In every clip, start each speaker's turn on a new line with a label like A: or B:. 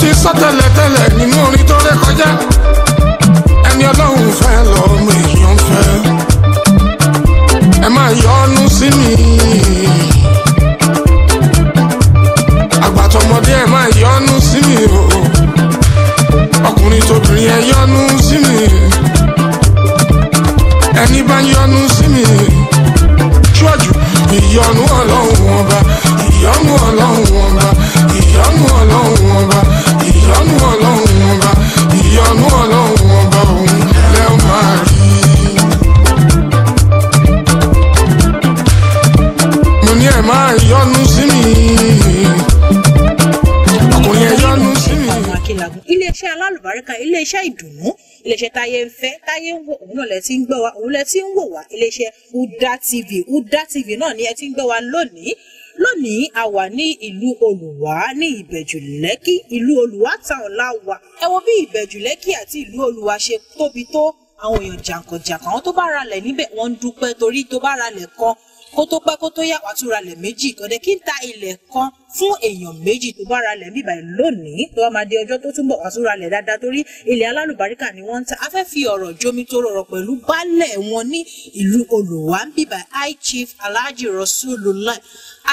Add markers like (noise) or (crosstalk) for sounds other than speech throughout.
A: ti sọ tẹ́lẹ̀tẹ́lẹ̀ nínú orin tó
B: táyé ń fẹ́ táyé ń wò òun náà lẹ ti ń gbọ́ wa òun lẹ ti ń wò wá iléeṣẹ́ Huda TV Huda TV náà ni ẹ ti ń gbọ́ wa lónìí lónìí a wà ní ìlú olùwà ní ìbẹ̀jù lẹ́kì ìlú olùwà táwọn láwà ẹ wo bí ìbẹ̀jù lẹ́kì àti ìlú olùwà ṣe tóbi tó àwọn èèyàn jàǹkànjàǹkàn àwọn tó bá ralẹ̀ níbẹ̀ wọ́n ń dúpẹ́ torí tó bá ralẹ̀ kan kó tó pẹ́ kó tó yá wàá tún ralẹ̀ méjì kọ̀dẹ̀ kí n ta ilẹ̀ kan fún èèyàn méjì tó bá ralẹ̀ bíbà lónìí tó bá máa di ọjọ́ tó túnbọ̀ wàá tún ralẹ̀ dáadáa torí ilẹ̀ alálùbáríkà ni wọ́n ń ta afẹ́ fi ọ̀rọ̀ jomi tó rọrọ̀ pẹ̀lú baálẹ̀ wọn ní ìlú Olùwà ń bíbà high chief Alhaji Rasulullah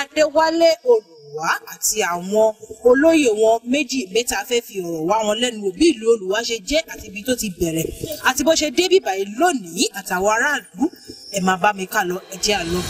B: Adéwálé olù olùwà àti àwọn olóyè wọn méjì mẹ́ta fẹ́ fi ọ̀rọ̀ wá wọn lẹ́nu wò bí ìlú olùwà ṣe jẹ́ àti ibi tó ti bẹ̀rẹ̀ àti bó ṣe dé bíbà yìí lónìí àtàwọn aráàlú ẹ máa bá mi kà lọ ẹ jẹ́ àlọ́.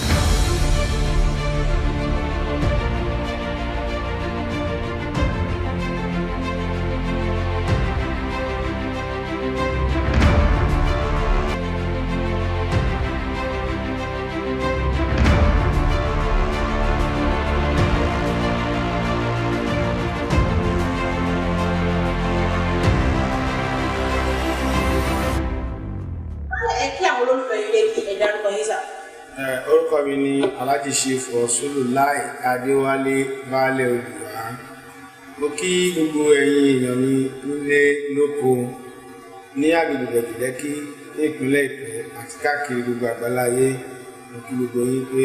C: láti ṣe fọ̀ọ́sọ́lù láì adéwálé baálé olùwà mo kí gbogbo ẹ̀yin èèyàn mi nílé lóko ní agbègbè lẹ́kí ní ìpínlẹ̀ èkó àti káàkiri gbogbo àgbáláyé mo kí gbogbo yín pé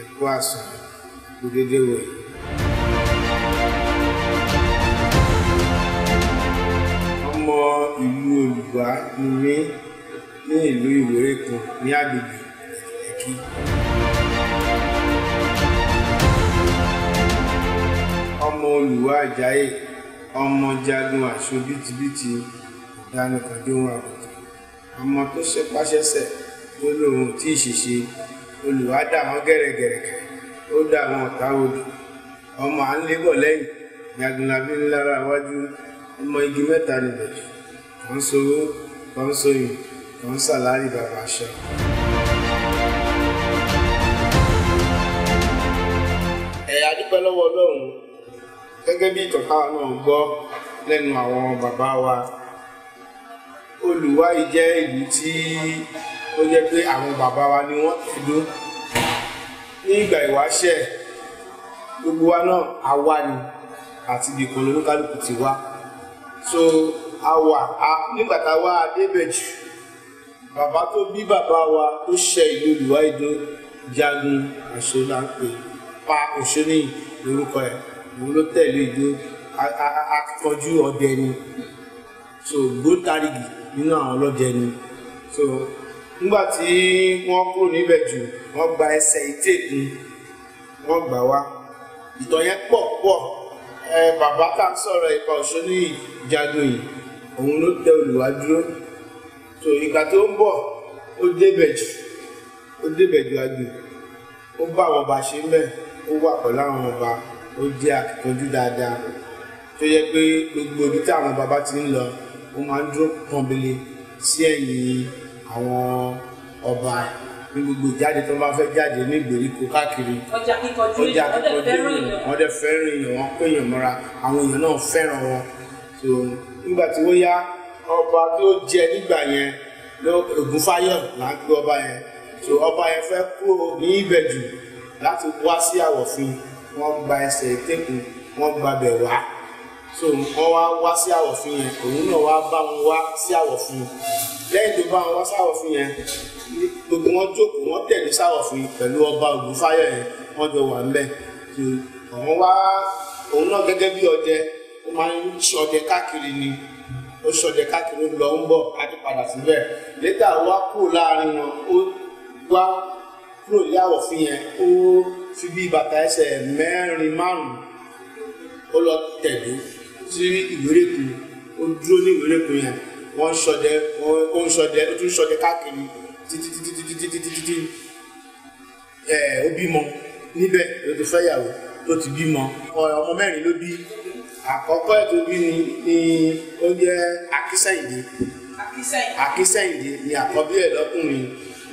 C: ẹ̀kọ́ àsùn kò déédéé wọ̀ yìí. ọmọ ìlú olùwà ni mí ní ìlú ìwérékùn ní agbègbè lẹ́kí. ọmọ olùwà àjáyè ọmọ jagun àṣọ bìtìbìtì ìdánìkàndé àgùntàn ọmọ tó ṣe pàṣẹsẹ ó lóun tí ì ṣèṣe olùwà wọn gẹrẹgẹrẹ ó dà wọn odò ọmọ à ń lébọ̀ lẹ́yìn jagunlabi ńlára ọmọ igi sàlárì bàbá aṣọ. ẹ̀yà dúpẹ́ lọ́wọ́ ọlọ́run gẹ́gẹ́ bí ìtànká náà gbọ́ lẹ́nu àwọn bàbá wa Olùwáyí jẹ́ ìlú tí ó jẹ́ pé àwọn bàbá wa ni wọ́n ti dó ní ìgbà ìwáṣẹ̀ gbogbo wa náà a wá ni àti ibi kan lóníkálukú ti wá so a wà a nígbà tá a wá adébẹ̀jù bàbá tó bí bàbá wa tó ṣe ìlú Olùwáyí dó jagun Ọ̀ṣun náà pé pa Ọ̀ṣun ní orúkọ ẹ̀ òun ló tẹ̀lé ijó akọjú ọdẹ ni so gbótarìgì nínú àwọn ọlọ́dẹ ni so nígbà tí wọ́n kúrò níbẹ̀ jù wọ́n gba ẹsẹ̀ ìtẹ̀kùn wọ́n gbà wá ìtàn yẹn pọ̀ pọ̀ ẹ bàbá tá à ń sọ̀rọ̀ ipa ọ̀ṣun ní ìjagun yìí òun ló tẹ Olúwa dúró so ìgbà tó ń bọ̀ ó débẹ̀ jù ó débẹ̀ jù àgbè ó bá àwọn ọba ṣe ń bẹ̀ ó wà pẹ̀lú àwọn ọba ó jẹ́ akíkanjú dáadáa tó yẹ pé gbogbo ibi tí àwọn bàbá ti ń lọ ó máa ń dúró pọ́nbélé sí ẹ̀yìn àwọn ọba ní gbogbo ìjáde tó bá fẹ́ jáde ní ìgbèríko káàkiri
D: ọjà kíkanjú èèyàn
C: wọ́n dẹ̀ fẹ́ràn èèyàn wọ́n pé èèyàn mọ́ra àwọn èèyàn náà fẹ́ràn wọn so nígbà tí ó yá ọba tó jẹ nígbà yẹn ló Ògúnfáyọ̀ là ń pè ọba yẹn so ọba yẹn fẹ́ kúrò ní Ìbẹ̀jú láti wá sí Àwọ̀fin wọ́n gba ẹsẹ̀ tẹ́kù wọ́n gbabẹ̀ wá so wọ́n wá wá sí àwọ̀fin yẹn òun náà wá bá wọn wá sí àwọ̀fin lẹ́yìn tó bá wọn wá sí àwọ̀fin yẹn gbogbo wọn jókòó wọn tẹ̀lé sáwọ̀fin pẹ̀lú ọba ògúnfáyọ̀ yẹn wọ́n jọ wà ńbẹ̀ òun wá òun náà gẹ́gẹ́ bí ọdẹ ó máa ń ṣọdẹ káàkiri ni ó ṣọdẹ káàkiri ó lọ ń bọ̀ á ti padà síbẹ̀ lẹ́tà wá kúrò láàrin wọn ó wá kúrò ní àwọ̀fin yẹn ó fi bí bàtà ẹsẹ̀ mẹ́rin márùn-ún ó lọ tẹ̀dó sí ìwérékù ó dúró ní ìwérékù yẹn wọ́n ń ṣọdẹ ó ń ṣọdẹ ó tún ń ṣọdẹ káàkiri títí títí títí títí títí títí ẹ̀ ó bímọ níbẹ̀ ló ti fẹ́ yàwó ló ti bímọ ọmọ mẹ́rin ló bí àkọ́kọ́ ẹ̀ bí ni ni ó jẹ́ Akínsẹ́yìndé Akínsẹ́yìndé ni àkọ́bí ẹ̀ lọ́kùnrin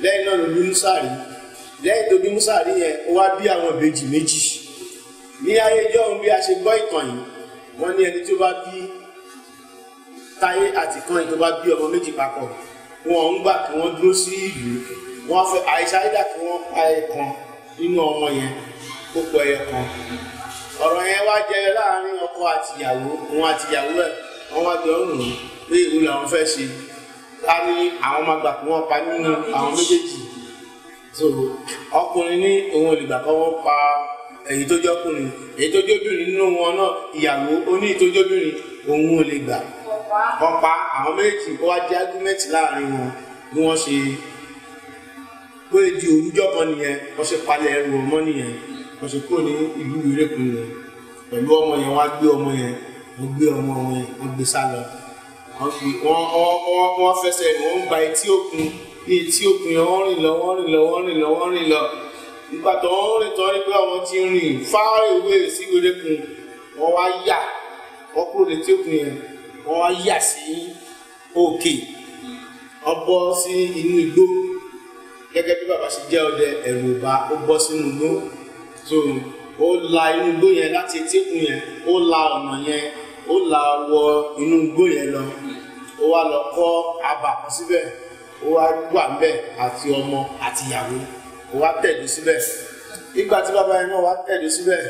C: lẹ́yìn náà ló bí Músàrí lẹ́yìn tó bí musa rí yẹn ó wá bí àwọn ìbejì méjì ní ayé ìjọ òun bí a ṣe gbọ́ ìtàn yìí wọ́n ní ẹni tó bá bí táyé àti kan yìí tó bá bí ọmọ méjì papọ̀ wọn ò ń gbà kí wọ́n dúró sí ìlú wọn fẹ́ àìsàn ayédà kí wọ́n pa ẹ̀ nínú ọmọ yẹn ó pọ̀ ẹ̀ ọ̀rọ̀ yẹn wá jẹyọ láàrin ọkọ àtìyàwó òun àtìyàwó ẹ̀ wọ́n wá jọ ń rùn pé ìlú làwọn fẹ́ ṣe ká ní àwọn máa gbà kí wọ́n pa nínú àwọn méjèèjì so ọkùnrin ní òun olùgbà kọ́wọ́ pa èyí tó jọkùnrin èyí tó jóbìnrin nínú wọn náà ìyàwó oní ìtójóbìnrin òun ò lè gbà ọ̀pá àwọn méjì ó wá jẹ́ ágúmẹ́ǹtì láàrin wọn bí wọ́n ṣe pé di òwújọ́ kan nìyẹn wọ́n ṣe palẹ̀ ẹrù ọmọ nìyẹn wọ́n ṣe kúrò ní ìlú ìrẹ́pẹ̀ yẹn pẹ̀lú ọmọ yẹn wọ́n á gbé ọmọ yẹn wọ́n gbé ọmọ wọn yẹn wọ́n gbé sá lọ wọ́n fẹsẹ̀ wọ́n gba etí òkun ní etí òkun yẹn wọ́n rìn lọ wọ́n rìn lọ wọ́n rìn lọ wọ́n rìn lọ nígbà tó wọ́n rìn tọ́ rí pé àwọn ti rìn far away sí gbèdékun wọ́n wá yà wọ́n kúrò létí òkun yẹn wọ́n wá yà sí òkè wọ́n bọ́ sí inú igbó gẹ́gẹ́ bí bàbá ṣe jẹ́ ọdẹ ẹ̀rù ọba ó bọ́ sínú igbó so ó la inú igbó yẹn láti etí òkun yẹn ó la ọ̀nà yẹn ó la wọ inú igbó yẹn lọ ó wá lọ kọ́ abà síbẹ̀ ó wá wà mbẹ àti ọmọ àti ìyàwó ó wá tẹ̀dó síbẹ̀ ìgbà tí bàbá yẹn náà wá tẹ̀dó síbẹ̀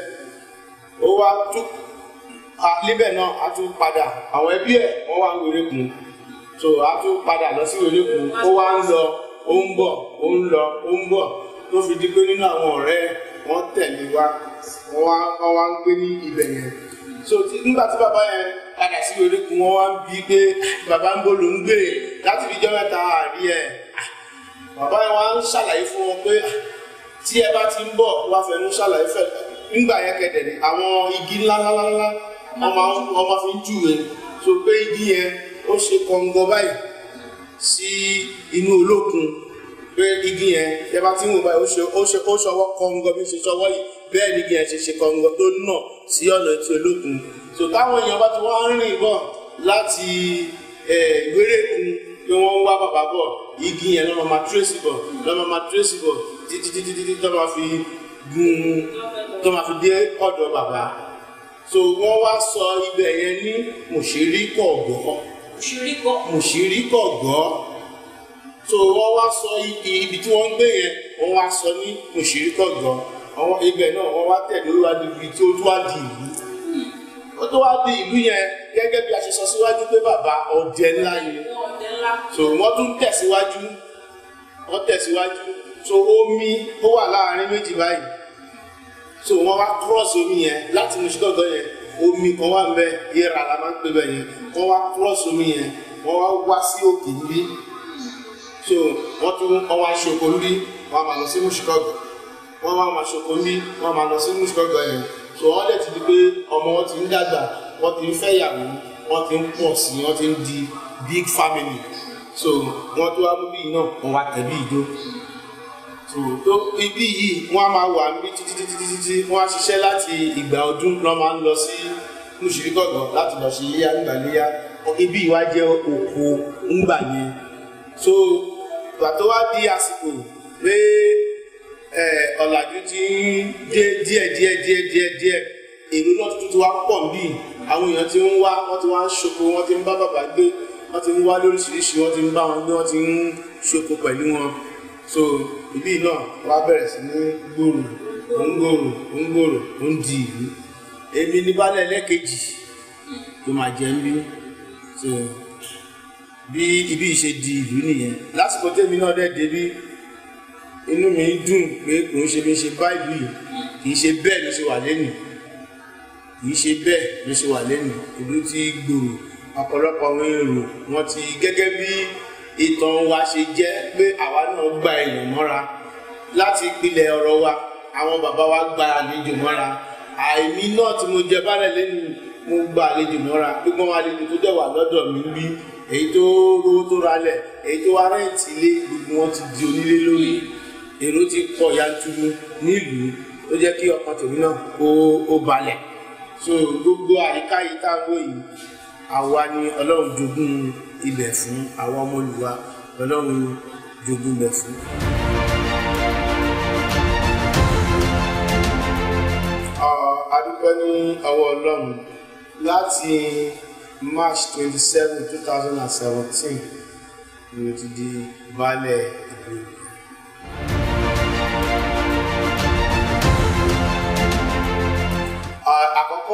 C: ó wá tún níbẹ̀ náà a tún padà àwọn ẹbí ẹ̀ wọ́n wá ń wéré kun so a tún padà lọ sí wéré kun ó wá ń lọ ó ń bọ̀ ó ń lọ ó ń bọ̀ tó fi di pé nínú àwọn ọ̀rẹ́ wọn tẹ̀lé wa wọn wá wọn wá ń gbé ní ibẹ̀ yẹn so nígbà tí bàbá yẹn padà sí wéré kun wọn wá ń bi pé ah, bàbá ń bọ̀ ló ń gbé láti fi jẹ́ mẹ́ta àrí ẹ̀ ah, bàbá yẹn wá ń ṣàlàyé fún wọn pé ah, tí ẹ bá ti ń bọ̀ wá fẹnu ṣàlàyé fẹ nígbà yẹn kẹ̀dẹ̀ ni àwọn igi ńláńláńlá wọ́n máa fi ń júwe so pé igi yẹn ó ṣe kọ̀ǹgọ̀ báyìí sí inú olókun pé igi yẹn ẹ bá ti ń wò báyìí ó ṣe ó ṣe ó ṣọwọ́ kọ̀ǹgọ̀ bí ó ṣe ṣọwọ́ yìí bẹ́ẹ̀ ni igi yẹn ṣe ṣe kọ̀ǹgọ̀ tó nà sí ọ̀nà etí olókun so táwọn èèyàn bá ti wá ń rìn bọ̀ láti eh, ìwérékun pé wọ́n ń wá bàbá bọ̀ igi yẹn lọ́mọ máa tírèsì bọ̀ lọ́mọ máa tírèsì bọ̀ títí títí títí tó máa fi gun tó máa fi dé ọ̀dọ̀ bàbá so wọ́n wá sọ ibẹ̀ yẹn ní mùsíríkọ̀gọ́ mùsíríkọ̀gọ́ so wọ́n wá sọ ibi tí wọ́n ń gbé yẹn wọ́n wá sọ ní mùsíríkọ̀gọ́ àwọn ibẹ̀ náà wọ́n wá tẹ̀lé olúwa níbi tí ó tó wá di ìlú ó tó wá di ìlú yẹn gẹ́gẹ́ bí a ṣe sọ síwájú pé bàbá ọdẹ ńlá yẹn so wọ́n tún tẹ̀síwájú wọ́n tẹ̀síwájú so omi ó wà láàrin méjì báyìí so wọ́n wá cross omi yẹn láti Mùṣídọ̀dọ̀ yẹn omi kan wà nbẹ yẹra la máa ń pè bẹ́ẹ̀ yẹn wọ́n wá cross omi yẹn wọ́n wá wá sí òkè níbí so wọ́n tún wọ́n wá ṣoko níbí wọ́n máa lọ sí Mùṣídọ̀dọ̀ wọ́n wá máa ṣoko níbí wọ́n máa lọ sí Mùṣídọ̀dọ̀ yẹn so wọ́n dẹ̀ ti di pé ọmọ wọn ti ń dàgbà wọ́n ti ń fẹ́ yàwó wọ́n ti ń pọ̀ sí wọ́n ti ń di big family so wọ́n tó wá mú bíi náà wọ́n wá tẹ̀lé ìjó so tó ibi yìí wọ́n á máa wà níbi títí títí títí wọ́n á ṣiṣẹ́ láti ìgbà ọdún lọ́ máa ń lọ sí lùsìrí gọ̀gàn láti lọ sí yíyá nígbà léyà ibi ìwà jẹ́ òkú ńgbà yẹn so ìgbà tó wá di àsìkò pé ọ̀làjú ti ń dé díẹ̀ díẹ̀ díẹ̀ díẹ̀ díẹ̀ èrò náà tuntun ti wá pọ̀ níbí àwọn èèyàn ti ń wá wọ́n ti wá ń ṣoko wọ́n ti ń bá bàbá gbé wọ́n ti ń wá lóríṣiríṣi wọ́n ti ń bá wọn gbé wọ́n ti ń ṣoko pẹ̀lú wọn so ibi náà wá bẹ̀rẹ̀ sí ní gbòòrò ó ń gbòòrò ó ń gbòòrò ó ń di ìlú èmi ní balẹ̀ lẹ́ẹ̀kejì tó máa jẹ́ ń bí so bí ibi ìṣe di ìlú nìyẹn lásìkò tèmi náà dẹ̀ débi inú mi dùn pé kò ń ṣe bí ń ṣe bá ìlú yìí kì í ṣe bẹ́ẹ̀ ló ṣe wà lẹ́nu kì í ṣe bẹ́ẹ̀ ló ṣe wà lẹ́nu ìlú ti gbòòrò ọ̀pọ̀lọpọ̀ àwọn èrò wọn ti gẹ́gẹ́ bí ìtàn wa ṣe jẹ́ pé àwa náà gba èèyàn mọ́ra láti ìpìlẹ̀ ọ̀rọ̀ wa àwọn bàbá wa gba àlejò mọ́ra àìní náà tí mo jẹ bálẹ̀ lẹ́nu mo gba àlejò mọ́ra gbígbọ́n àlejò tó dẹ̀ wà lọ́dọ̀ mi ń bí èyí tó rówó tó ralẹ̀ èyí tó wá rẹ́ǹtì ilé gbogbo wọn ti di onílé lórí èrò ti pọ̀ yanturu nílùú ó jẹ́ kí ọkàn tèmi náà kó ó balẹ̀ so gbogbo àyíká yìí tá a wọ yìí àwa ni ọlọ́run jogún ilẹ̀ fún àwa ọmọlúwa
D: ọlọ́run jogún ilẹ̀ fún.
C: adúpẹ́ ní ọwọ́ ọlọ́run láti march twenty seven two thousand and seventeen ni mo ti di baálẹ̀ ìlú.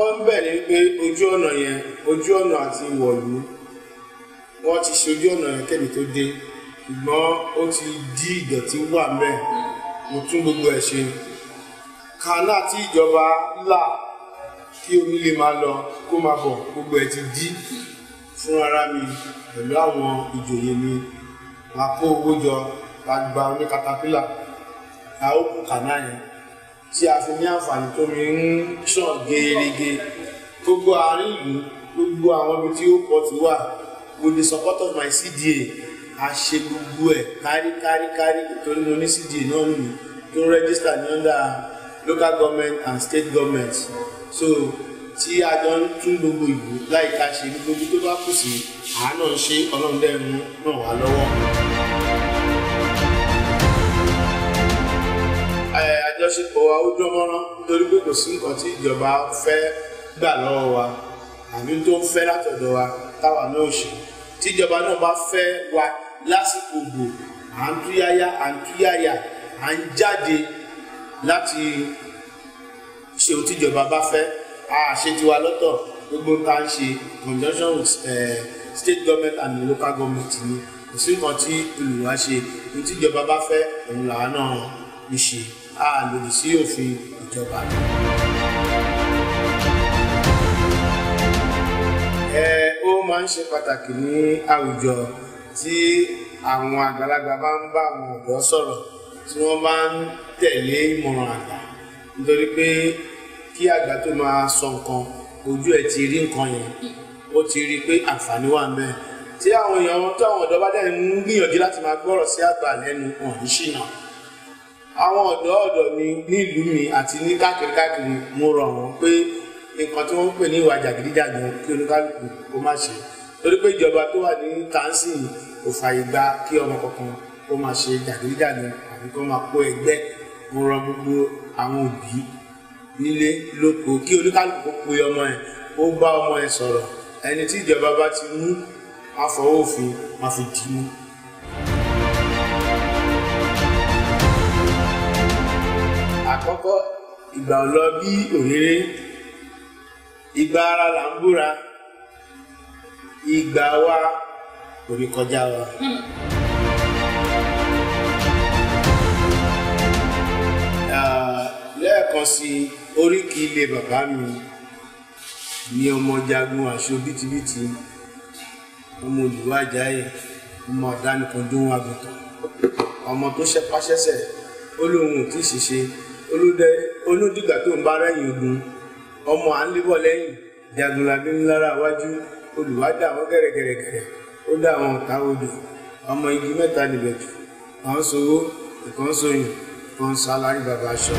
C: kọ́ ń bẹ̀ ni pé ojú ọ̀nà yẹn ojú ọ̀nà àti ìwọ̀lú wọ́n ti ṣe ojú ọ̀nà yẹn kẹ́mi tó dé ṣùgbọ́n ó ti dí ìdọ̀tí wà mẹ́ẹ̀ mo tún gbogbo ẹ̀ ṣe kaná tí ìjọba là kí omi lè máa lọ kó máa bọ̀ gbogbo ẹ̀ ti dí fún ara mi pẹ̀lú àwọn ìjòyè mi la kó owó jọ la gba oní katapila la ó kù kaná yẹn tí a fi ní àǹfààní tó mi ń sàn gerege gbogbo àárín ìlú gbogbo àwọn ibi tí ó pọ̀ ti wà with the support of my CDA a ṣe gbogbo ẹ̀ kárí torí mo ní CDA náà nù tó rẹ́gísítà ní under local government and state government so tí a jọ ń tún gbogbo ìlú láìka ṣe ní gbogbo tó bá kù sí àánú ṣe ọlọ́run dẹ́rùn náà wà lọ́wọ́. àjọṣepọ̀ wa ó dánmọ́rán nítorí pé kò sí nǹkan tí ìjọba fẹ́ gbà lọ́wọ́ wa àbí tó ń fẹ́ látọ̀dọ̀ wa táwa náà ṣe tíjọba náà bá fẹ́ wa lásìkò òdò à ń túyáyá à ń túyáyá à ń jáde láti ṣe ohun tíjọba bá fẹ́ àṣetiwa lọ́tọ̀ gbogbo tá ń ṣe conjunction with state government and local government ni kò sí nǹkan tí olùwà ṣe ohun tíjọba bá fẹ́ òun làá náà ń ṣe a lòdì sí òfin ìjọba. ẹ ó máa ń ṣe pàtàkì ní àwùjọ tí àwọn àgbàlagbà bá ń bá àwọn ọ̀dọ́ sọ̀rọ̀ tí wọ́n bá ń tẹ̀lé ìmọ̀ràn àgbà nítorí pé kí àgbà tó máa sọ nǹkan ojú ẹ̀ ti rí nǹkan yẹn ó ti rí i pé àǹfààní wà ń bẹ́ẹ̀ tí àwọn èèyàn tó àwọn ọ̀dọ́ bá dẹ̀ ń gbìyànjú láti máa gbọ́rọ̀ sí àgbà lẹ́nu wọn ní ṣìnà àwọn ọ̀dọ́ ọ̀dọ́ mi nílùú mi àti ní káàkiri káàkiri mo rọ̀ wọ́n pé nǹkan tí wọ́n ń pè ní ìwà jàgídíjàgan kí oníkálukú kó má ṣe torí pé ìjọba tó wà ní tansi kò fààyè gba kí ọmọ kankan kó máa ṣe jàgídíjàgan àbí kó máa kó ẹgbẹ́ mo rọ̀ gbogbo àwọn òbí nílé lóko kí oníkálukú pe ọmọ ẹ̀ ó bá ọmọ ẹ̀ sọ̀rọ̀ ẹni tí ìjọba bá ti mú àfọwọ́fin máa fi dì í mú àkọ́kọ́ ìgbà ò lọ bí òréré ìgbà ara là ń búra ìgbà wa kò ní kọjá wa. lẹ́ẹ̀kan sí oríkì ilé bàbá mi ni ọmọ jagun aṣọ bìtìbìtì ọmọ olùwájà yẹ ọmọ ọ̀dánìkan dún àgùntàn ọmọ tó ṣẹpáṣẹsẹ ó lóun ò tí ì ṣiṣẹ́ olùdẹ onídìgbà tó ń bá rẹ́yìn ogun ọmọ à ń lébọ̀ lẹ́yìn jagunlabi ńlára wájú olùwádà wọn gẹ̀rẹ́gẹ̀rẹ́gẹ̀rẹ́ ó dá àwọn ọ̀tá odò ọmọ igi mẹ́ta níbẹ̀ jù kan sowó ìkan soyìn kan sálárì bàbá aṣọ.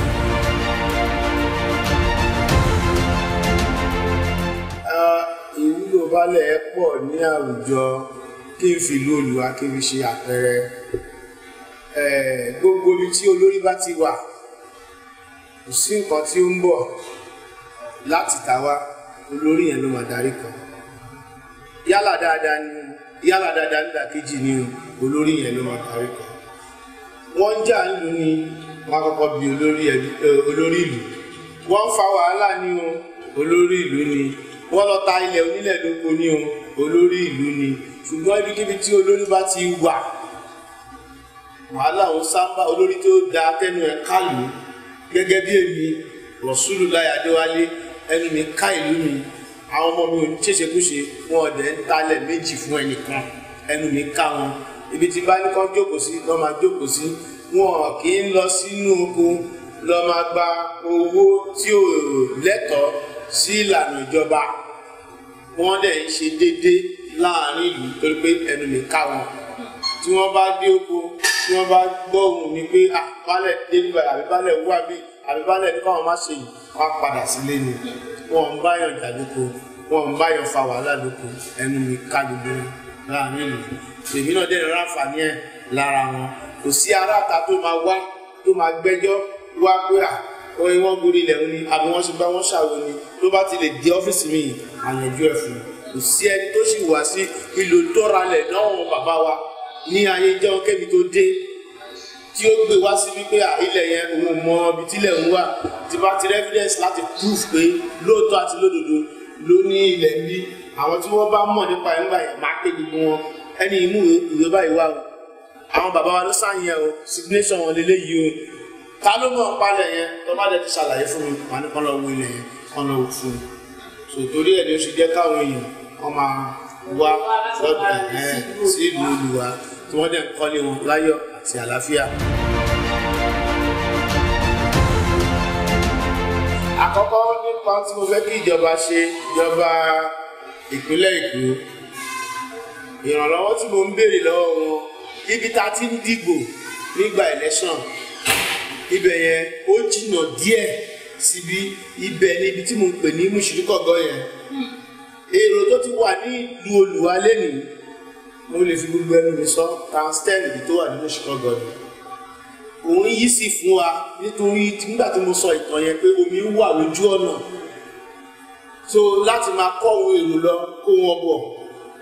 C: ìwúlò balẹ̀ pọ̀ ní àwùjọ kí n fi Olùwà kí n fi ṣe àpẹẹrẹ gbogbo ibi tí olórí bá ti wà kò sí nǹkan tí ó ń bọ̀ láti tàwa olórí yẹn ló máa darí kan yálà dáadáa ni yálà dáadáa nígbà kejì ni olórí yẹn ló máa darí kan wọ́n ń jà ń lù ní wọ́n àkọ́kọ́ bí olórí ìlú wọ́n ń fa wàhálà ní o olórí ìlú ni wọ́n lọ ta ilẹ̀ onílẹ̀ lóko ní o olórí ìlú ni ṣùgbọ́n ibikíbi tí olórí bá ti wà wàhálà òun sábà olórí tó da tẹnu ẹ̀ kálù gẹ́gẹ́ bí èmi Rasulullah Adéwálé ẹnu mi ká ìlú mi àwọn ọmọ mi ò ní ṣèṣekúṣe wọn ọdẹ ń talẹ̀ méjì fún ẹnìkan ẹnu mi ká wọn ibi tí bá ní kán jókòó sí lọ́ máa jókòó sí wọn kì í lọ sínú oko lọ máa gba owó tí ò lẹ́tọ̀ọ́ sí ìlànà ìjọba wọ́n dẹ̀ ń ṣe déédéé láàrin ìlú torí pé ẹnu mi ká wọn tí wọ́n bá dé oko tí wọ́n bá gbọ́ ohùn ni pé àbálẹ̀ ah, délùbà àbíbálẹ̀ wà bí àbíbálẹ̀ ní káwọn má ṣe yìí wọ́n á padà sílé ni wọ́n ń báyàn jà lóko wọ́n ń báyàn fa wàhálà lóko ẹnu mi ká gbogbo láàrin ìlú èmi náà dẹ́rẹ̀ ráǹfààní ẹ̀ lára wọn kò sí aráàta tó máa wá tó máa gbẹ́jọ́ wá pé à ah, oyin wọn gorí ilẹ̀ ni àbí wọ́n ṣe bá wọn ṣàwọn ni tó bá ti lè di ọ́fíìsì mi àyànjú ẹ̀ fún un kò sí ẹni tó sì wá sí ìlò tó ralẹ̀ náà wọn bàbá wa ní ayé jẹ́ ọkẹ́mi tó dé tí ó gbé wá sí wípé àìlẹ̀ yẹn òun mọ ibi tílẹ̀ ń wà tí bá ti evidence láti proof pé lóòótọ́ àti lódodo ló ní ilẹ̀ ń bí àwọn tí wọ́n bá mọ̀ nípa ẹ̀ ń gbà yẹn máa pé gbogbo wọn ẹni imú ìwé báyìí wà o àwọn bàbá wa ló sàyẹn o signation wọn lélẹ́yìí o ta ló mọ̀ palẹ̀ yẹn tó bá dẹ̀ ti ṣàlàyé fún mi wà ní kán lọ wo ilẹ̀ yẹn kán lọ wò fún mi so torí ẹ̀ ni ó ṣe jẹ́ káwọn èèyàn wọ́n máa wá lọ́dọ̀ ẹ̀ eh, sí ìlú olùwà tí wọ́n dẹ̀ ń kọ́lé wọn láyọ̀ àti àlàáfíà. àkọ́kọ́ nípa tí mo fẹ́ kí ìjọba ṣe ìjọba ìpínlẹ̀ Èkó ìrànlọ́wọ́ tí mo ń béèrè lọ́wọ́ wọn ibi tá a ti ń dìbò nígbà election ibẹ̀ yẹn ó jìnnà díẹ̀ síbi ibẹ̀ ni ibi tí mo ń pè ní mùsùlùkọ̀gọ́ yẹn èrò tó ti wà ní ìlú Olùwalé nìyí mo lè fi gbogbo ẹnu mi sọ times ten ibi tó wà nínú Chicago ni òun yìí sì fún wa nítorí nígbà tí mo sọ ìtàn yẹn pé omi wà lójú ọ̀nà so láti máa kọ́ ohun èlò lọ kó wọn bọ̀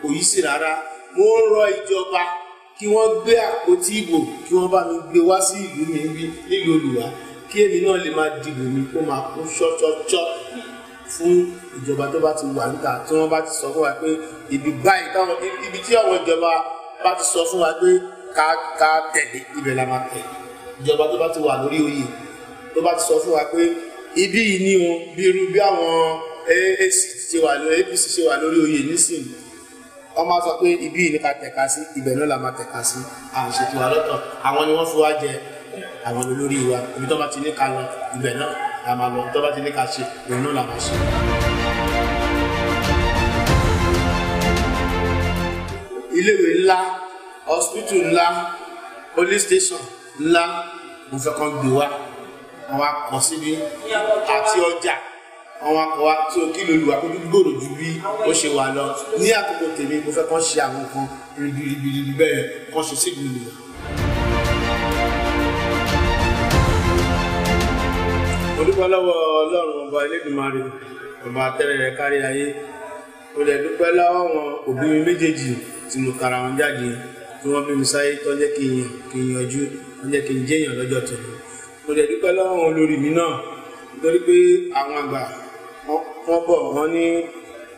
C: kò yí sí rárá mo ń rọ ìjọba kí wọ́n gbé àpótí ìbò kí wọ́n bá mi gbé wá sí ìlú mi nílùú Olùwà kí èmi náà lè máa dìbò mi kó máa kún ṣọ́ṣọ́ṣọ́ fún ìjọba tó bá ti wà níta tí wọ́n bá ti sọ fún wa pé ibi báyìí táwọn ibi tí àwọn ìjọba bá ti sọ fún wa pé ká ká tẹ̀lé ibẹ̀ la máa tẹ̀ ìjọba tó bá ti wà lórí oyè tó bá ti sọ fún wa pé ibi yìí ni o bí irú bí àwọn AAC ṣe wà lórí APC ṣe wà lórí oyè nísìnyí wọ́n máa sọ pé ibi yìí ni ká tẹ̀ka sí ibẹ̀ náà la máa tẹ̀ka sí àwọn ṣètò àlọ́tọ̀ àwọn ni wọ́n fi wá jẹ àwọn olórí wa ibi tó bá ti ní ká lọ ibẹ̀ náà a máa lọ tọ́ba ti ní ká ṣe òun náà la máa ṣe. iléèwé ńlá hospital ńlá police station ńlá mo fẹ́ kàn gbé wa àwọn akọ síbi àti ọjà àwọn akọ wa tí o kí ló lu àkójú gbòòrò ju bí ó ṣe wà lọ ní àkókò tèmi mo fẹ́ kàn ṣe àwọn kan ribiribi bẹ́ẹ̀ kàn ṣe síbi ìlú. mo dúpẹ́ lọ́wọ́ ọlọ́run ọba elédùnmarè ọba tẹ́lẹ̀ rẹ̀ kárí ayé mo lè dúpẹ́ lọ́wọ́ àwọn òbí mi méjèèjì tí mo tara wọn jáde tí wọ́n bí mi sáyé tó jẹ́ kí n yàn kí n yanjú tó jẹ́ kí n jẹ́yàn lọ́jọ́ tó lọ mo lè dúpẹ́ lọ́wọ́ àwọn olórí mi náà nítorí pé àwọn àgbà wọ́n bọ̀ wọ́n ní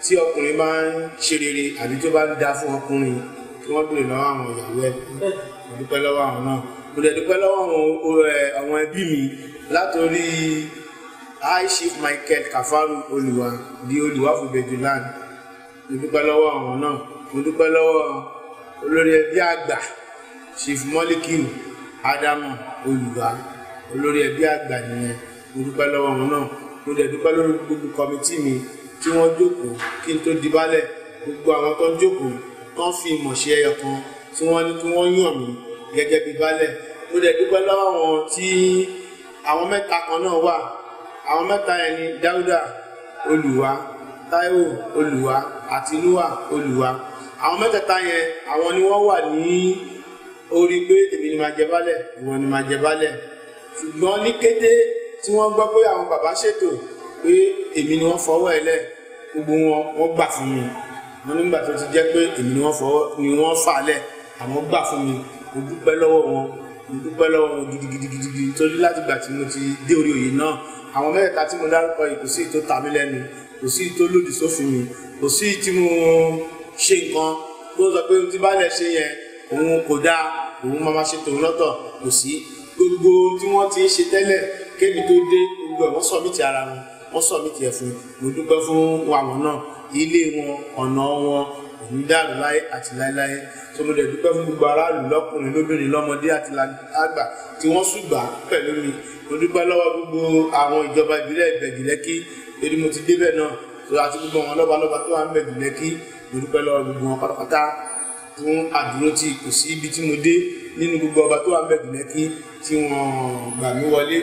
C: tí ọkùnrin bá ń ṣe rere àbí tó bá ń da fún ọkùnrin kí wọ́n béèrè lọ́wọ́ àwọn ìyàwó ẹ̀ mo dúpẹ́ lọ́wọ́ àwọn náà mo dúpẹ́ lọ́wọ́ àwọn ẹbí mi látòrí high chief michael kafaru olùwà di olùwà fúnbẹ̀dùlán mo dúpẹ́ lọ́wọ́ àwọn náà mo dúpẹ́ lọ́wọ́ olórí ẹbí àgbà chief molecule adamu olùwà olórí ẹbí àgbà nìyẹn mo dúpẹ́ lọ́wọ́ àwọn náà mo dẹ̀ dúpẹ́ lórí gbogbo kọ́mítì mi tí wọ́n jókòó kí n tó di bálẹ̀ gbogbo àwọn tó ń jókòó tó ń fi ìmọ̀ ṣe ẹyọ kan tí wọ́n ní kí wọ́n yàn mí gẹ́gẹ́ bí bálẹ̀ mo dẹ̀ dúpẹ́ lọ́wọ́ àwọn tí àwọn mẹ́ta kan náà wà àwọn mẹ́ta yẹn ni Dáúdà olùwà Táíwò olùwà àti Nóà olùwà àwọn mẹ́tẹ̀ẹ̀ta yẹn àwọn ni wọ́n wà ní orí pé èmi ni màá jẹ baálẹ̀ ìwọ ni màá jẹ baálẹ̀ ṣùgbọ́n ní kété tí wọ́n gbọ́ pé àwọn bàbá ṣètò pé èmi ni wọ́n fọwọ́ ẹ lẹ̀ gbogbo wọn wọ́n gbà fún mi wọn nígbà tó ti jẹ́ pé èmi ni wọ́n fọwọ́ ni wọ́n fà lẹ̀ àwọn gbà fún mi mo dúpẹ́ lọ́wọ́ wọn dúpẹ́ lọ́wọ́ gidigidigidi torí láti gbà tí mo ti dé orí òye náà àwọn mẹ́ta tí mo dárúkọ yìí kò sí tó ta lẹ́nu kò sí tó lòdì sófin mi kò sí tí mo ṣe nǹkan tó sọ pé tí bá lẹ̀ ṣe yẹn òun kò dáa òun máa ma ṣe tòun lọ́tọ̀ kò sí gbogbo tí wọ́n ti ń ṣe tẹ́lẹ̀ kébi tó dé gbogbo ẹ̀ wọ́n sọ mí ti ara wọn wọ́n sọ mí ti ẹ̀ mo dúpẹ́ fún àwọn náà ilé wọn ọ̀nà wọn kò ní dàrú láyé àti láéláé tó mo dẹ̀ dúpẹ́ fún gbogbo aráàlú lọ́kùnrin lóbìnrin lọ́mọdé àti àgbà tí wọ́n ṣùgbà pẹ̀lú mi mo dúpẹ́ lọ́wọ́ gbogbo àwọn ìjọba ìbílẹ̀ ìbẹ̀gìlẹ́kì èdè mo ti débẹ̀ náà tó àti gbogbo àwọn lọ́balọ́ba tó wà ń bẹ̀gìlẹ́kì mo dúpẹ́ lọ́wọ́ gbogbo wọn pátápátá fún àdúrótì kò sí ibi tí mo dé nínú gbogbo ọba tó wà ń bẹ̀gìlẹ́kì tí wọ́n gbà mí wọlé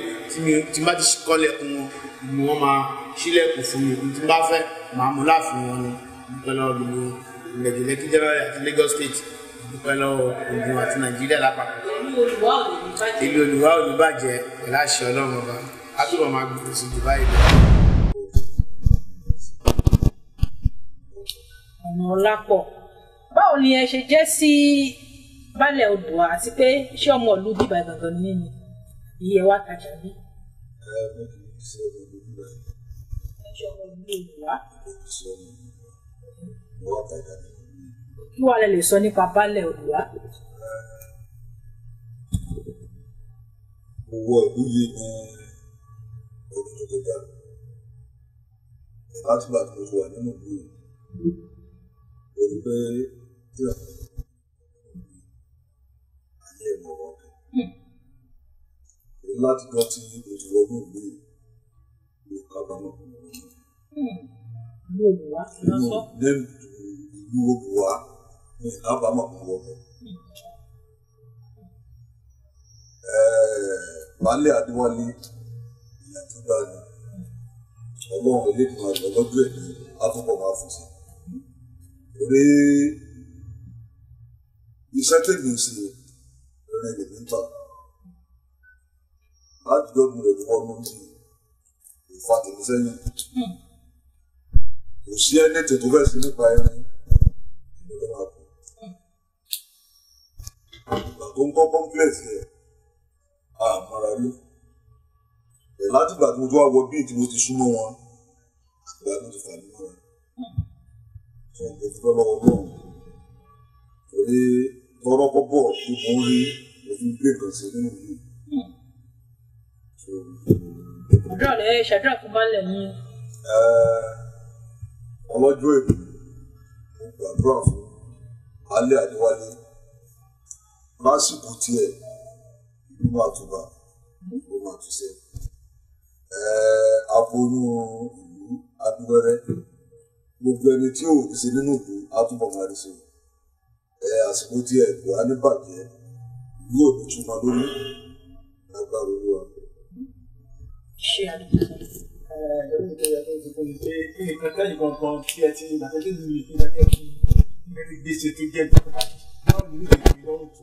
C: tí má ti kọ́lẹ̀kùn wọn ni wọ́n máa sílẹ̀kùn fún mi tí n bá fẹ́ màá mú láàfin wọn ni dúpẹ́ lọ́wọ́ gbogbo wọn ìgbẹ̀jọ̀lẹ̀ kíjọba àti Lagos state dúpẹ́ lọ́wọ́ Ògùn àti Nàìjíríà lápapọ̀. ìlú Olùwà ò ní bàjẹ́ pẹ̀lú àṣẹ Ọlọ́run ọba a túbọ̀ máa gbòòrò sí Dubai ìlú.
B: ọ̀nà ọ̀làpọ̀ báwo ni ẹ ṣe jẹ́ sí Baálẹ̀ Oòduà àti pé ṣé ọmọ ìlú Dubai gangan ni ni iye wa tajà bí. ẹ
E: ẹ mọ̀ kì í ṣe ọmọ ìlú Dubai. ẹ ṣe ọmọ ìlú
B: kí wàá lè sọ nípa baálẹ̀ Oòduà.
E: mo wọ ìlú yìí ní orí tó kọjá láti gbà tó wà nínú ìlú yìí mo rí pé kí ẹ ayé ẹ mọ wọn èyí láti gbọ́ tí ètò ọdún ìlú yìí ló kábàámọ̀.
F: Hmm. Lóòwá, lọ́sọ́.
E: muoboa aba mamuobo baálé eh, adéwálé ìyá tó bá ní ọlọ́run elédùn àgbẹ̀ lọ́jọ́ ẹ̀mí àtúbọ̀ máa fò sí orí iṣẹ́ láti rẹ̀ ti hmm. kò sí ẹni tètè sí nípa ẹni. tó ń kọ́ complex yẹn àmọ́ra ẹ̀ látìgbà tí tó wá wọ bíi tí mo ti súnmọ́ wọn ìgbà tí ti fà mí mọ́ra tí mo ti fẹ́ lọ́wọ́ bọ́ọ̀ torí tọrọ kọ́kọ́ tí mo ń rí mo fi gbé nǹkan sí nínú mi.
B: àdúrà lẹ́yìn ṣàdúrà fún baálẹ̀ yín.
E: ọlọ́jọ́ èdè mo gbàdúrà fún alẹ́ àdéwálé lásìkò tiẹ̀ ìlú máa tún bá ìlú máa tún sẹ́ àfonú ìlú adúgbẹ́rẹ́ gbogbo ẹni tí ò sí nínú ìlú àtúbọ̀ máa rí sí àsìkò tiẹ̀ ìlú á ní bàjẹ́ ìlú ò ní túmọ̀ lórí agbára olúwa. ṣé a ẹ̀rọ ìjọba tó ti fún mi pé kí ni kankan ìbọn kan tí ẹ
B: ti gbàtẹ́jú mi kí n gbàtẹ́jú mi gbèsè tó jẹ́ bí wọ́n ní ìlú ìlú ọ̀hún tó.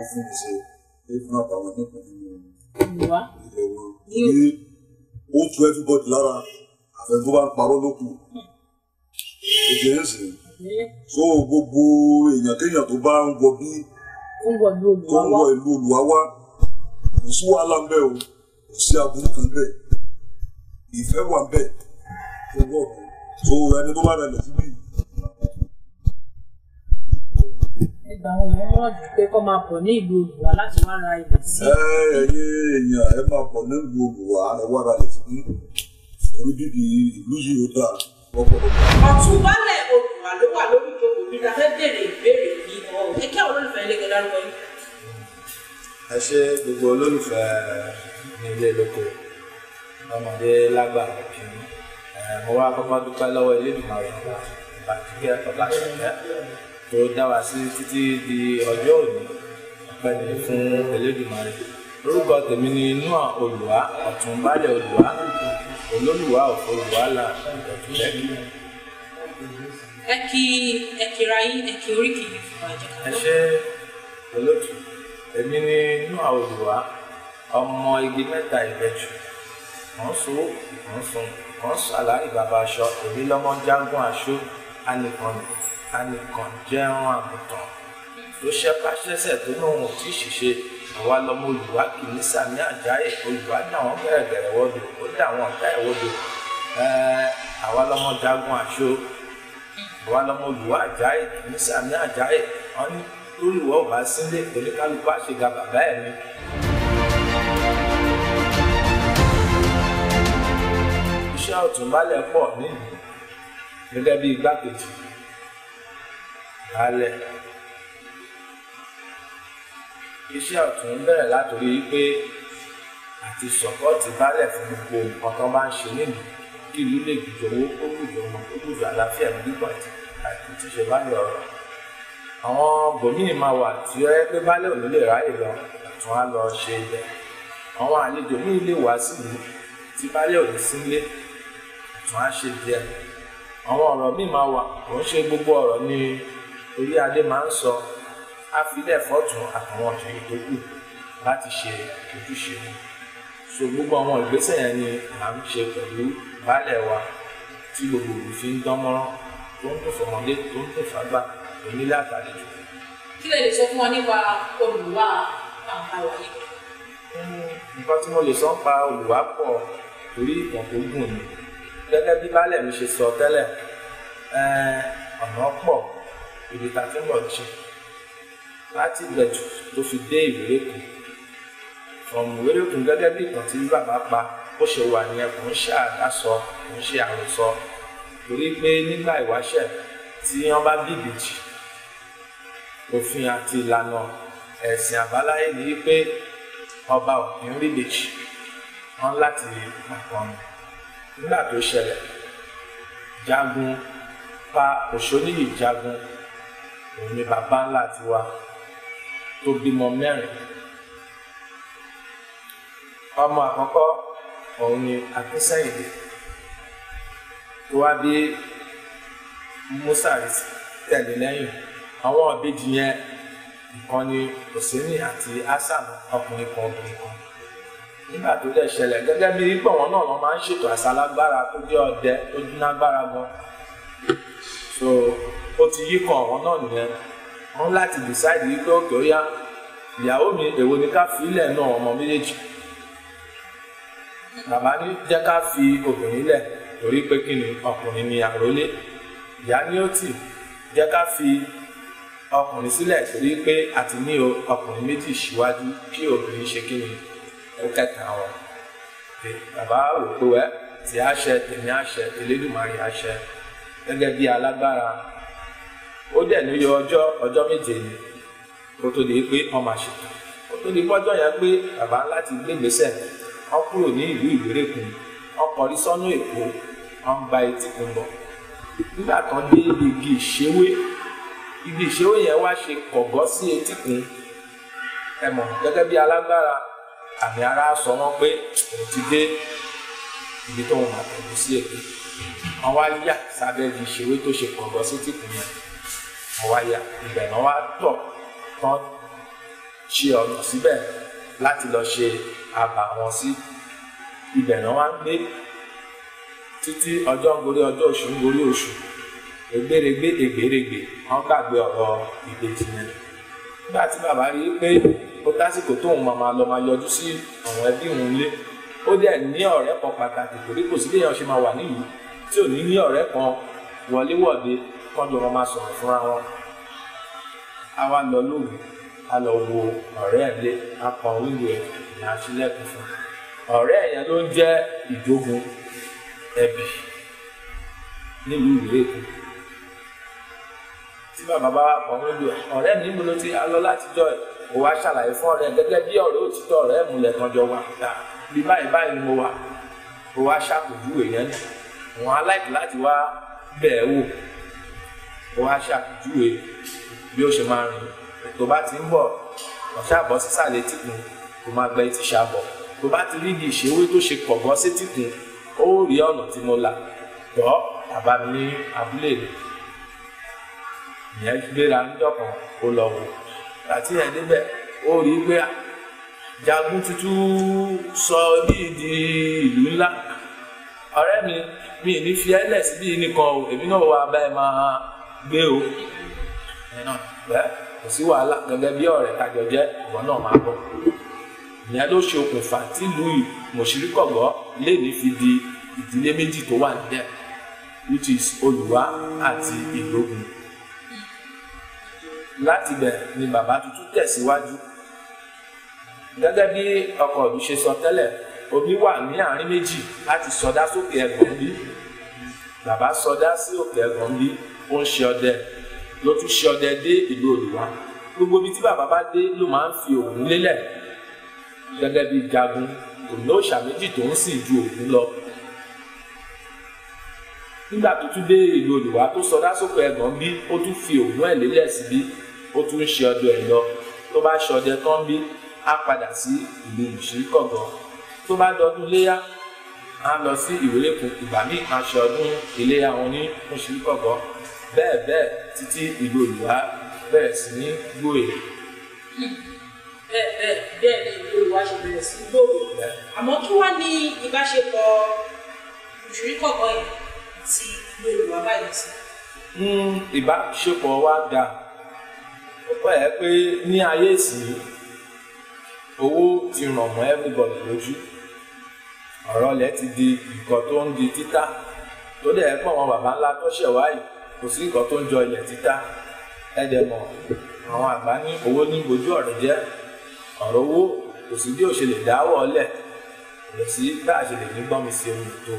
E: ó fún ṣe é fún àbàwọn nípa nínú ilé wọn ní ó tu everybody lára àfẹnú bá ń parọ́ lókù èdè ń sìn so gbogbo èèyàn kéèyàn tó bá ń wọ bí tó ń wọ ìlú olùwàwá kò sí wàhálà ń bẹ o kò sí aburú kan bẹ́ẹ̀ ìfẹ́ wà ń bẹ tó wọ̀ so ẹni tó bá rẹ̀ lẹ̀ síbí yìí.
B: gba àwọn ọmọ mọ́ọ̀dù pé kọ́ máa ẹ máa pọ̀ ní ìlú
E: Òbùwà ẹ wá ra ilẹ̀ sí orí dídì ìlú yìí ó dáa ọ̀pọ̀lọpọ̀.
B: Ọ̀túnbálẹ̀ Òbùwà ló wà lórí ìjókòó mi la fẹ́ béèrè ìbéèrè yìí ọ̀hún ẹ kí àwọn olólùfẹ́ ilé gẹ̀dá lọ yìí.
D: ẹ ṣe gbogbo olólùfẹ́ ilé lóko ọmọdé lágbà ọ̀kìnrin mo wá kọ́kọ́ dúpẹ́ lọ́wọ́ ilé ìgbìmọ̀ rẹ̀ bàtí kí ẹ tọ́ka ṣẹ̀fẹ́ tó dá wa sí títí di ọjọ́ òní ọpẹ́ ni fún Elédùmarè orúkọ tèmi ni Noah Olùwà Ọ̀túnbálẹ̀ Olùwà olólùwà Olùwà là ọ̀túnlẹ́kì.
B: ẹ kí ẹ kíra yín ẹ kí oríkì yìí fún wa jẹ ká
D: lọ. ẹ ṣe olótù èmi ni Noah Olùwà ọmọ igi mẹ́ta ìbẹ́jù kàn so kàn so kàn sàlá ìbàbà aṣọ èmi lọ́mọ jágún aṣọ anìkanì anìkàn jẹ́ ẹran àgùntàn tó ṣe pàṣẹsẹ̀ tó lóun ò tí ì ṣiṣẹ́ àwa lọmọ olùwádìí ní sami ajayi olùwádìí àwọn gẹ̀rẹ́gẹ̀rẹ́ wọ́dọ̀ ó dà àwọn ọ̀gá ẹ̀ wọ́dọ̀ àwa lọmọ jagun àṣọ àwa lọmọ olùwà ajayi ní sami ajayi wọn ní olùwà ọba sílé oníkálukú àṣegà bàbá ẹ̀ ni. iṣẹ́ ọ̀túnbálẹ̀ pọ̀ nílùú gẹ́gẹ́ bí igbákejì alẹ̀ iṣẹ́ ọ̀tún bẹ̀rẹ̀ látòrí wípé àti sọ̀pọ́ọ̀tì balẹ̀ fún gbogbo nǹkan tó bá ń ṣe nílùú kí ìlú lè gbùdọ̀ owó ó gbùdọ̀ ọmọ ó gbùdọ̀ àlàáfíà nígbà àti tíṣe báyọ̀ ọ̀rọ̀ àwọn bòmíì máa wà tí ó yẹ pé balẹ̀ òní lè ráyè lọ àtún á lọ ṣe ibẹ̀ àwọn àlejò míì lè wá sílùú tí balẹ̀ òní sílé àtún á ṣe díẹ̀ àwọn ọ̀rọ̀ míì máa wà kò ń ṣe gbogbo ọ̀rọ̀ ni orí adé máa ń sọ àfilẹ̀ fọ́tún àtàwọn ọ̀tún tó kù láti ṣe ojúṣe wọn so gbogbo àwọn ìgbésẹ̀ yẹn ni à ń ṣe pẹ̀lú baálẹ̀ wa tí gbogbo òbí fi ń dánmọ́rán tó ń dùn fọmọdé tó ń dùn fágbà onílé àtàlejò.
B: kí lè lè sọ fún wọn nípa olùwà àǹkà wáyé.
D: nǹkan tí mo lè sọ ń pa olùwà pọ̀ torí ìtàn tó gùn ni gẹ́gẹ́ bí baálẹ̀ mi ṣe sọ tẹ́lẹ̀ ọ̀nà pọ̀ ibi tá a ti ń bọ̀ jù láti ìgbẹ̀jù tó fi dé ìwérékùn ọ̀rùn ìwérékùn gẹ́gẹ́ bí ìtàn tí bàbá pa bó ṣe wà ní ẹkùn ń ṣe àdásọ kò ń ṣe àròsọ torí pé nígbà ìwáṣẹ̀ tí wọ́n bá bí ìbejì òfin àti ìlànà ẹ̀sìn àbáláyé ni wípé ọba òfin rí ìbejì wọn láti pàpọ̀ nígbà tó ṣẹlẹ̀ jagun pa Òṣónìyí jagun ni bàbá ńlá tiwa tó bímọ mẹ́rin ọmọ àkọ́kọ́ òun ni akínsẹ́yìndé tó wá bí musa tẹ̀lé lẹ́yìn àwọn ọ̀bẹ́jì yẹn nǹkan ni òsínì àti asam ọkùnrin kan obìnrin kan nígbà tó dẹ̀ ṣẹlẹ̀ gẹ́gẹ́ bí pọ̀ wọn náà wọ́n máa ń ṣètò àṣà lágbára tó jẹ́ ọdẹ tó dín lágbára gan so ó ti yí kan àwọn náà nìyẹn wọn láti decide wípé òkè ó ìyàwó mi èwo ni ká fi ilẹ̀ náà ọmọ méjèèjì bàbá ní jẹ́ ká fi obìnrin lẹ̀ torí pé kí ni ọkùnrin ni àrólé ìyá ní ó tì jẹ́ ká fi ọkùnrin sílẹ̀ torí pé àti ní ọkùnrin méjì síwájú kí obìnrin ṣe kí ni ó kẹta wọn bàbá rò pé wẹ́ tí a tèmi a ṣe Elédùmarè gẹ́gẹ́ bí alágbára ó dẹ̀ níye ọjọ́ ọjọ́ méje ni kó tó di pé wọ́n máa ṣètò kó tó di pọ́jọ́ yẹn pé bàbá láti gbé ìgbésẹ̀ wọ́n kúrò ní ìlú ìgbèrékùn wọ́n kọrí sọ́nà èkó wọ́n ń ba etíkun bọ̀ nígbà kan dé igi ìṣèwé igi ìṣèwé yẹn wá ṣe kọ̀gọ́ sí etíkun ẹ mọ̀ gẹ́gẹ́ bí alágbára àmì ara sọ wọ́n pé òun ti dé ibi tó wọn àtẹ̀wé sí èkó wọ́n wá yà sábẹ́ igi ìṣèwé tó ṣe kọ̀gọ́ sí etíkun yẹn mo wá yà ibẹ̀ náà wá tọ̀ tán ṣe ọ̀nà síbẹ̀ láti lọ ṣe àbà wọn sí ibẹ̀ náà wá ń gbé títí ọjọ́ ń gorí ọjọ́ oṣù ń gorí oṣù ègbéregbé ègbéregbè wọn gbàgbé ọ̀rọ̀ ìbejì yẹn nígbà tí bàbá rí i pé ó tásìkò tóun máa máa lọ máa yọjú sí àwọn ẹbí òun lé ó dẹ̀ ní ọ̀rẹ́ kan pàtàkì torí kò sí léèyàn ṣe máa wà nílùú tí ò ní ní ọ̀rẹ́ kan wọléwọ̀de kọ́ni wọn máa sọ̀rọ̀ fúnra wọn a wá lọ lóru a lọ wo ọ̀rẹ́ ẹ̀ lé a kọ wíwèé ní aṣílẹ̀kùn fún ọ̀rẹ́ ẹ̀ yẹn ló ń jẹ́ ìdógun ẹ̀bì nílùú ìlú èkó tí bàbá bá kọ wíwèé ọ̀rẹ́ mi múlò tí a lọ látijọ́ ò wá ṣàlàyé fún ọ̀rẹ́ gẹ́gẹ́ bí ọ̀rẹ́ òtítọ́ ọ̀rẹ́ múlẹ̀ kan jọ wà bí báyìí báyìí ni mo wà ó wá ṣàpèjúwe yẹn wọn á láìpẹ́ láti wá bẹ̀ẹ́ wò ó wá ṣàpèjúwe bí ó ṣe máa rìn tó bá ti ń bọ̀ wọ́n ṣàbọ̀ sísàlẹ̀ tìkùn tó máa gbẹ ti ṣàbọ̀ tó bá ti rí di ìṣèwé tó ṣe kọ̀gọ́ sí tìkùn ó rí ọ̀nà tí mo là gbọ́ bàbá mi ní abúlé rẹ̀ ìyẹn gbéra níjọ́ kan ó lọ wò àti ìyẹn débẹ̀ ó rí pé jagun tuntun sọ bíi di ìlú ńlá ọ̀rẹ́ mi mi ní fi ẹ́lẹ̀ síbí nìkan o èmi náà wà bá ẹ máa gbé o ẹnà ẹ kò sí wàhálà gẹ́gẹ́ bí ọ̀rẹ́ tajọ jẹ ìwọ náà máa bọ ìyẹn ló ṣe okùnfà tìlú mọṣíríkọgọ lẹni fi di ìdílé méjì tó wà nílẹ̀ which is olùwà àti ìgbógun láti bẹ̀ ni bàbá tuntun tẹ̀síwájú gẹ́gẹ́ bí ọkọ mi ṣe sọ tẹ́lẹ̀ omi wà ní àárín méjì láti sọdá sókè ẹ̀gbọ́n bí bàbá sọdá sí òkè ẹ̀gbọ́n bí ó ń ṣe ọdẹ ló tún ṣe ọdẹ dé ìlú Òdùwà gbogbo ibi tí bàbá bá dé ló máa ń fi òun lélẹ̀ gẹ́gẹ́ bíi jagun òun òòṣà méjì tó ń sìn ju òun lọ nígbà tó tún dé ìlú Òdùwà tó sọdá sóko ẹ̀gàn bí ó tún fi òun ẹ̀ lélẹ̀ síbí ó tún ń ṣe ọdẹ ẹ̀ lọ tó bá ṣe ọdẹ tán bí á padà sí ìlú ìṣíkọ̀gàn tó bá dọdún léyà á lọ sí ìwélékun ìgbà míì máa ọdún iléyà wọn ní ìṣíkọ̀gàn bẹ́ẹ̀ bẹ́ẹ̀ títí ìlú Olùwà bẹ̀rẹ̀ sí ní gbòòrò.
B: bẹ́ẹ̀ bẹ́ẹ̀ bẹ́ẹ̀ ni ìlú Olùwà ṣe bẹ̀rẹ̀ sí gbòòrò àmọ́ kí wá ní ìbáṣepọ̀ òṣèré kọ̀ọ̀kan yìí ti ìlú Olùwà báyìí sí.
D: Hmm, ìbáṣepọ̀ wa ga ó pẹ́ ẹ pé ní ayé ìsìn owó ti ràn mọ́ everybody lójú ọ̀rọ̀ lẹ ti di nǹkan tó ń di títà tó dẹ̀ pọ̀ wọn bàbá ńlá tó ṣẹ̀ wáyìí kò sí nǹkan tó ń jọ ilẹ̀ títà ẹ̀dẹ̀ mọ̀ àwọn àgbà ní owó ní ojú ọ̀rọ̀ jẹ́ ọ̀rọ̀ owó kò sí bí òṣèlè dáwọ́ ọlẹ̀ kò sí bá a ṣe lè ní gbọ́n mi sí ohun ètò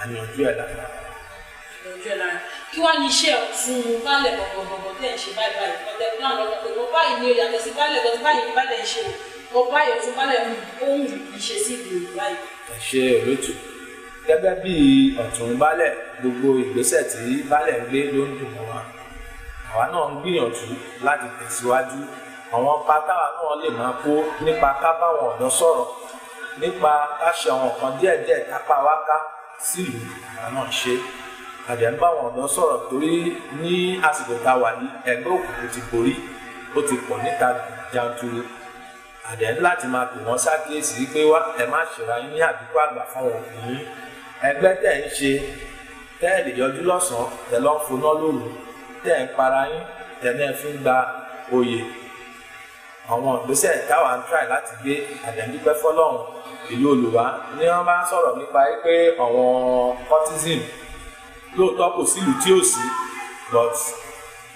D: àyànjú ẹ̀ lára.
B: àyànjú ẹ̀ lára kí wàá ní iṣẹ́ ọ̀tún balẹ̀ gbọ̀ngbọ̀ngbọ̀n tẹ̀ ń ṣe báyìí báyìí ọ̀tẹ̀ náà lọ́wọ́ pé mo báyìí ni yàtọ̀ sí balẹ̀ lọ́tọ̀ báyìí ni balẹ̀ ń ṣe o mo báyìí ọ̀tún balẹ̀ ń ohun ìṣesí ìgbìyànjú báyìí.
D: ẹ ṣe olótùú gẹ́gẹ́ bí ọ̀tún baálẹ̀ gbogbo ìgbésẹ̀ tí baálẹ̀ ń gbé ló ń dùn mọ́ wa àwa náà ń gbìyànjú láti tẹ̀síwájú àwọn ọba táwa náà lè máa kó nípa ká báwọn ọ̀dọ́ sọ̀rọ̀ nípa ká ṣe àwọn nǹkan díẹ̀díẹ̀ kápá wá ká sílùú àwa náà ṣe àdé ń báwọn ọ̀dọ́ sọ̀rọ̀ torí ní àsìkò tá a wà ní ẹgbẹ́ òkùnkùn ti borí ó ti pọ̀ níta janturu àdé ń láti máa pè wọ́n ṣàkíyèsí pé wá ẹ má ṣèrà yín ní àdúgbò àgbà fáwọn òbí yín ẹgbẹ́ tẹ̀ ń ṣe tẹ́ ẹ̀ lè yọjú lọ́sàn-án tẹ̀ lọ́ foná lóru tẹ̀ ń para yín tẹ̀ náà fi ń gba oyè àwọn ìgbésẹ̀ táwa ń tíráì láti gbé àdẹ̀dúpẹ́ fọlọ́run ìlú Olùwà ni wọ́n bá sọ̀rọ̀ nípa pé àwọn cultism lóòótọ́ kò sílùú tí ò sí but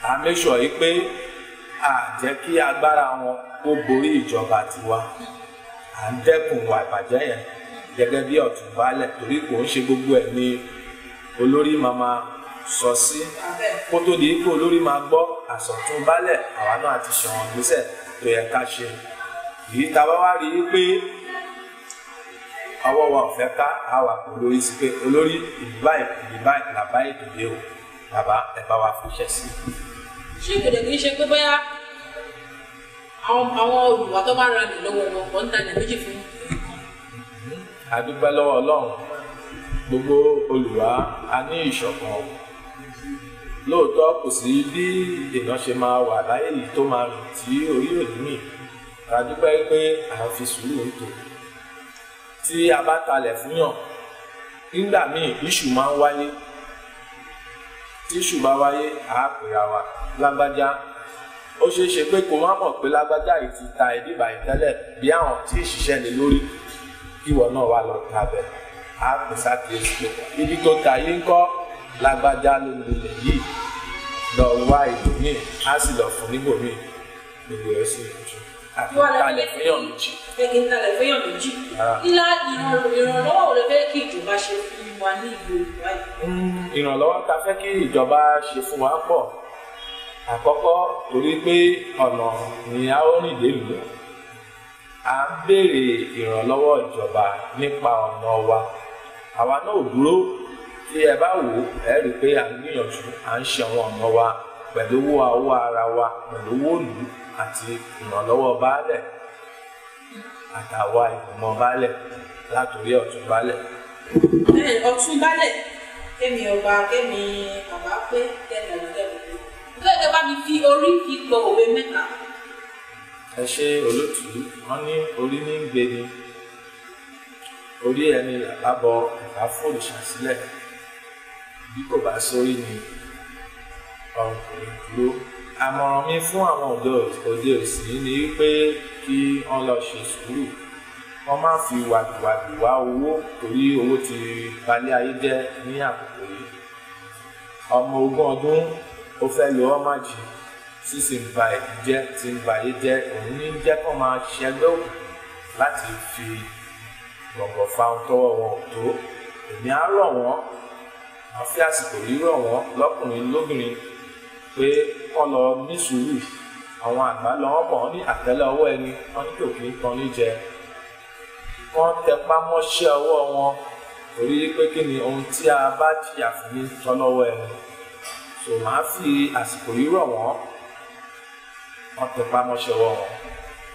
D: a make sure yìí pé a jẹ́ kí agbára wọn kó borí ìjọba tiwa à ń dẹ́kun ìwà ìbàjẹ́ yẹn gẹ́gẹ́ bí ọ̀tún baálẹ̀ torí kò ń ṣe gbogbo ẹ̀ ni olórí màmá sọ sí kó tó di ipò olórí máa gbọ́ àsọ̀tún baálẹ̀ àwa náà ti ṣọ̀wọ́n gbèsè tó yẹ ká ṣe èyí tá a bá wá rí i pé ọwọ́ wa ò fẹ́ ká a wà pé olórí sí pé olórí ìdìbà ìdìbà làbá ìdìbè o bàbá ẹ bá wa fi sí.
B: ṣé ìgbèdè kì í ṣe pé bóyá àwọn olùwà tó bá ra nì wọn kò ń
D: adúpẹ́ lọ́wọ́ ọlọ́run gbogbo olùwà a ní ìṣọ̀kan lóòótọ́ kò sí bí èèyàn ṣe máa wà láyé yìí tó máa rìn tí orí òní mì adúpẹ́ pé à ń fi sùúrù tó tí a bá talẹ̀ fún yàn nígbà míì iṣu máa ń wáyé tí iṣu bá wáyé à á pèrà wa lágbájá ó ṣeé ṣe pé kó má mọ̀ pé lágbájá yìí ti ta ẹ̀dí báyìí bí àwọn tí ì ṣiṣẹ́ lé lórí ìwọ náà wà lọ ta bẹ̀ á pè sákèésì ibi tó ta yìí ń kọ́ lágbájá ló lulẹ̀ yìí lọ wá ìdòmíì á sì lọ fún níbòmíì gbogbo ẹ̀ sì lójú
B: àtàlẹ̀ fẹ́yàn méjì. ẹ̀kí ń talẹ̀ fẹ́yàn méjì. ilá ah. ìrànlọ́wọ́ rẹ fẹ́ kí ìjọba ṣe fún wa ní ìlú ìwádìí.
D: Hmm, ìrànlọ́wọ́ ta fẹ́ kí ìjọba ṣe fún wa pọ̀ àkọ́kọ́ torí pé ọ̀nà ni a ó rìn délùú à ń béèrè ìrànlọ́wọ́ ìjọba nípa ọ̀nà wa àwa náà ò dúró tí ẹ bá wò ó ẹ rí i pé à ń gbìyànjú à ń ṣe àwọn ọ̀nà wa pẹ̀lú owó owó ara wa pẹ̀lú owó ìlú àti ìrànlọ́wọ́ baálẹ̀ àtàwa ìgbìmọ̀ baálẹ̀ látòrí ọ̀tún
B: baálẹ̀. ọ̀tún baálẹ̀ kémi ọba kémi bàbá pé kẹ́mi ọ̀dọ́ kẹ́mi. bẹ́ẹ̀ ni wọ́n bá mi fi orí fi pọ̀ òwe mẹ́ta
D: ẹ ṣe olótú wọn ní orí ní gbé ni orí ẹni làbọ ẹ̀ka fòrìṣà sílẹ̀ bí kò bá sórí ni ọ̀rùn kò ní dúró. àmọ̀ràn mi fún àwọn ọ̀dọ́ òde òsì ni pé kí wọ́n lọ ṣe sùúrù wọ́n má fi wàdùwàdù wá owó torí owó ti balẹ̀ ayé jẹ́ ní àkókò yìí ọmọ ogún ọdún ó fẹ́ lo ọmọ jì í ṣíṣe ń ba èyí jẹ́ òun ní jẹ́ kó máa ṣẹgbẹ́ òkú láti fi gbọ̀ngàn fa tọwọ́ wọn tó èmi á rọ̀ wọ́n máa àsìkò yìí rọ̀ wọ́n lọ́kùnrin lóbìnrin pé kọ́ lọ ní sùúrù àwọn àgbà lọ́wọ́ bọ̀ wọ́n ní àtẹ́lẹ̀ ọwọ́ ẹni wọ́n ní kò kí ń tan ní jẹ wọ́n tẹpá mọ́ṣẹ́ ọwọ́ wọn torí pé kí ni ohun tí a bá jìyà fún ní tọ́lọ́wọ́ ẹni so màá fi àsìkò yìí rọ̀ wọ́n wọ́n ti pa mọ́ṣẹ́ ọwọ́ wọn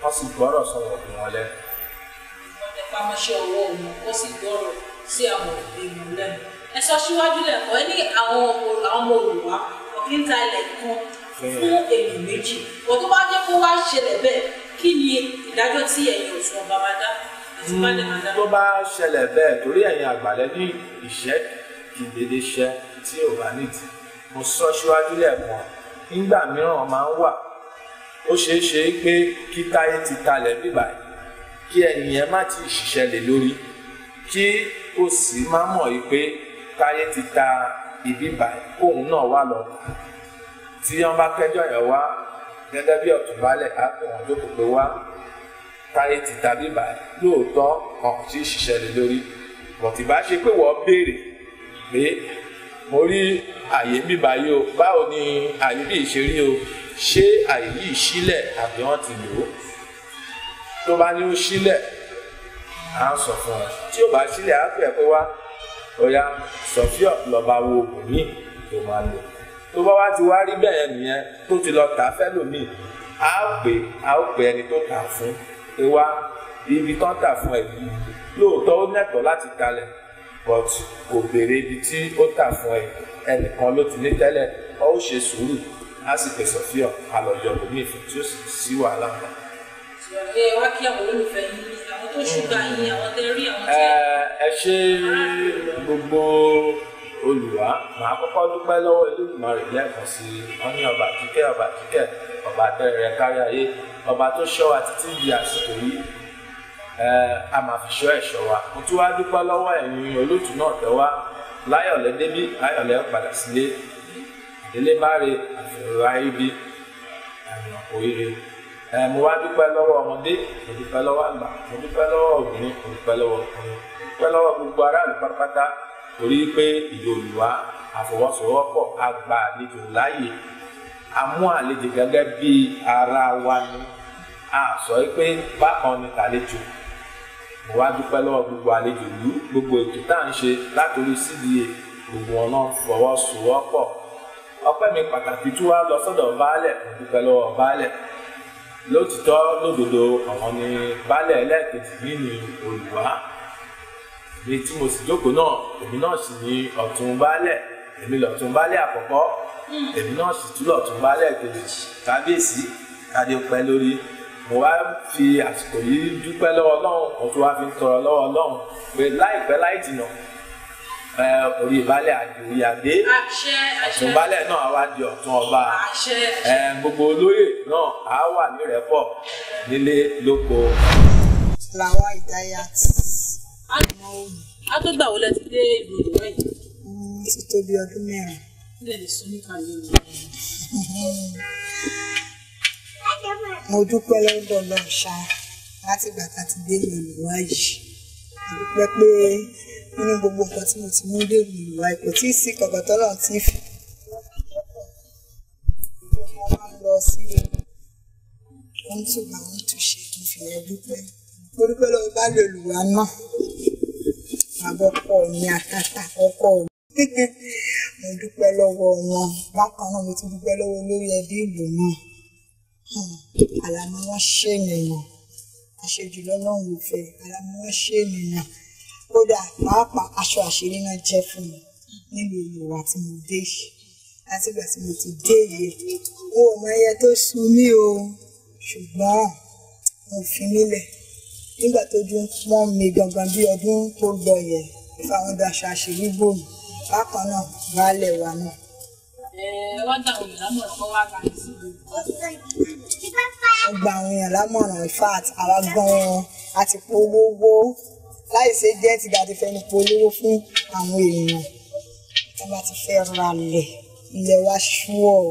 D: wọ́n sì gbọ́rọ̀ sọ̀rọ̀ bí wọn lẹ́nu.
B: wọ́n ti pa mọ́ṣẹ́ ọwọ́ wọn wọ́n sì gbọ́rọ̀ sí àwọn òbí wọn lẹ́nu. ẹ sọ síwájú lẹ́kọ̀ọ́ ẹ ní àwọn ọmọ olùwà ọ̀kíńtà ilẹ̀ kan fún èèyàn méjì wọ́n tó bá jẹ́ kó wá ṣẹlẹ̀ bẹ́ẹ̀ kí ni ìdájọ́ tí ẹ̀yin òsùn ọba máa dá
D: hmm, tó bá ṣẹlẹ̀ bẹ́ẹ̀ torí ẹ̀yin àgbàlẹ́ ní ìṣẹ́ ìdèdè ṣẹ tí ò bá nìdí mo sọ síwájú lẹ́ẹ̀kan nígbà mìíràn máa ń wà ó ṣeé ṣe pé kí táyé ti talẹ̀ bíbà kí ẹnìyẹn má ti ṣiṣẹ́ lè lórí kí ó sì má mọ̀ yìí pé táyé ti ta ìbíbà kóun náà wà lọ tí wọ́n bá kẹ́jọ́ yẹn wá gẹ́gẹ́ bí ọ̀túnbálẹ̀ á pè wọ́n jókòó pé wá táyé ti ta bíbà lóòótọ́ ọ̀hún sì ṣiṣẹ́ lè lórí bọ̀tìbá ṣe pé wọ́n béèrè pé mo rí àyè ń bíbá yìí o báwo ni àyè bí ìṣe rí o ṣé àyè yìí sílẹ̀ àbí wọ́n ti lò ó tó bá ní ó sílẹ̀ à ń sọ fún ọ tí ó bá sílẹ̀ á pè é pé wá ọ̀ya sọ̀fíọ̀ lọ́ba wo oògùn míì tó máa lò tó bá wá ti wá rí bẹ́ẹ̀ nìyẹn tó ti lọ tà fẹ́lòmíì á pè á pè ẹni tó tà fún pé wá ibi tán tà fún ẹ̀ yìí lóòótọ́ ó nẹ̀tọ́ láti talẹ̀ but kò béèrè ibi tí ó tà fún ẹ ẹnìkan ló ti ní tẹ́lẹ̀ ọ ó ṣe sùúrù á sì pèsè fí ọ àlọ́yọ̀ lómi ìfún tí ó sì sí wàhálà kan.
B: ẹ wá kí àwọn olólùfẹ́ yín àwọn tó ṣùgbọ́n yín àwọn tẹ rí
D: àwọn tẹ. ẹ ṣe gbogbo olùwà màá kọ́kọ́ dúpẹ́ lọ́wọ́ Olódùmarè lẹ́ẹ̀kan sí wọn ní ọba kíkẹ́ ọba kíkẹ́ ọba tẹ́rẹ̀ kárí ayé ọba tó ṣọ́ àmàfiṣọ́ ẹ̀ṣọ́ wa mo tún wá dúpẹ́ lọ́wọ́ ẹ̀yin olóòtú náà tẹ́ wá láyọ̀lẹ́ débí láyọ̀lẹ́ padà sílé ìdílé bá re àfihàn ayébi àmì òyìnbó mo wá dúpẹ́ lọ́wọ́ ọmọdé mo dúpẹ́ lọ́wọ́ àgbà mo dúpẹ́ lọ́wọ́ obìnrin mo dúpẹ́ lọ́wọ́ ọkùnrin mo dúpẹ́ lọ́wọ́ gbogbo aráàlú pátápátá torí pé ìlú Olùwà àfọwọ́sowọ́pọ̀ àgbà àlejò láàyè àmú àlejò gẹ́gẹ́ bíi ara wa ni a sọ pé bákan ni tàlejò mo wá dúpẹ́ lọ́wọ́ gbogbo àlejò ìlú gbogbo ètò tá à ń ṣe látòrí cda gbogbo wọn náà fọwọ́sowọ́pọ̀ ọpẹ́ mi pàtàkì tí wàá lọ sọ́dọ̀ baálẹ̀ mo dúpẹ́ lọ́wọ́ baálẹ̀ lótìtọ́ lódodo àwọn ni baálẹ̀ ẹlẹ́ẹ̀kejì mi ni olùwà èmi tí mo sì jókòó náà èmi náà sì ni ọ̀tún baálẹ̀ èmi lọ̀tún baálẹ̀ àkọ́kọ́ hmm. èmi náà sì tún lọ̀tún baálẹ̀ kejì kábíyèsí kádé pẹ́ lórí mo wá fi àsìkò yìí dúpẹ́ lọ́wọ́ ọlọ́run mo tún wá fi ń tọrọ lọ́wọ́ ọlọ́run pé láìpẹ́ láì jìnà orí ìbálẹ̀ àti orí adé ọ̀tún ìbálẹ̀ náà wá di ọ̀tún ọba gbogbo olóyè náà á wà nírẹ̀pọ̀ nílé lóko.
B: làwa ìdáyà tí ọmọ òòlù. a tó gbà wọlé ti dé ìlú ìdúró yìí. ti tó ọdún mẹ́rin. ilé ìsúnìkà yìí. (laughs)
F: mo dúpẹ́ lọ́dọ̀ lọ́run ṣá láti gbà tá a ti dé ìlú wa yìí mo dúpẹ́ pé nínú gbogbo nǹkan tí mo ti mú dé ìlú wa kò tí ì sí kankan tọ́lọ̀ tí ì fi mo máa ń lọ sí ohun tó bá ń túṣe kí n fi ẹ dúpẹ́ mo dúpẹ́ lọ́wọ́ bá lè lù wá náà àbọ̀kọ mi àtàtà ọkọ mi (laughs) mo dúpẹ́ lọ́wọ́ wọn bákan náà mo ti dúpẹ́ lọ́wọ́ olórí ẹbí ìlú náà àlànà wọn ṣe ènìyàn àṣejù lọ́lọ́run ìfẹ́ àlànà wọn ṣe ènìyàn kódà pàápàá aṣọ àṣírí náà jẹ́ fún mi nílùú Yorùbá tí mo dé láti ìgbà tí mo ti dé yìí mo ò mọ ẹyẹ tó sun mí o ṣùgbọ́n mo fi nílẹ̀ nígbà tójú ń pọ́n mi gangan bí ọdún tó lọ yẹn fáwọn daṣọ àṣírí bò mí bákan náà baálẹ̀ wa náà gba àwọn èèyàn lámọ̀ràn in fact àwa gan-an a ti polówó láìsí jẹ́ ti gàdí fẹ́ni polówó fún àwọn èèyàn tí wọ́n bá ti fẹ́ ralẹ̀ ilẹ̀ wa ṣúọ̀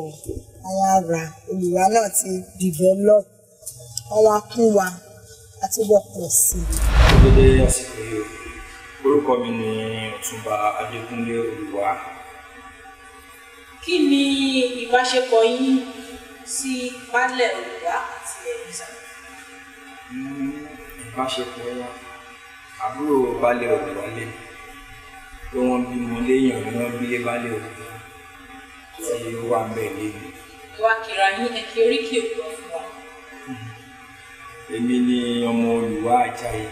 F: àwọn ará olùwà náà ti develop àwọn akún wa àti wọ́pọ̀ sí i. ó dédé àsìkò
A: yìí
G: orúkọ mi ni Ọ̀túnba Adékúnlé Olùwà
B: kí ni ìbáṣepọ̀ yín sí baálẹ̀ Oòduà àti ẹ̀yìn sá.
G: ìbáṣepọ̀ wa àbúrò baálẹ̀ Oòduà lè pé wọ́n bímọ léèyàn ni wọ́n bílé baálẹ̀ Oòduà tí ó wà ń bẹ̀ lébi.
B: wá kíra yín oríkì Oòduà fún wa.
G: èmi ni ọmọ Olùwà Àjàyí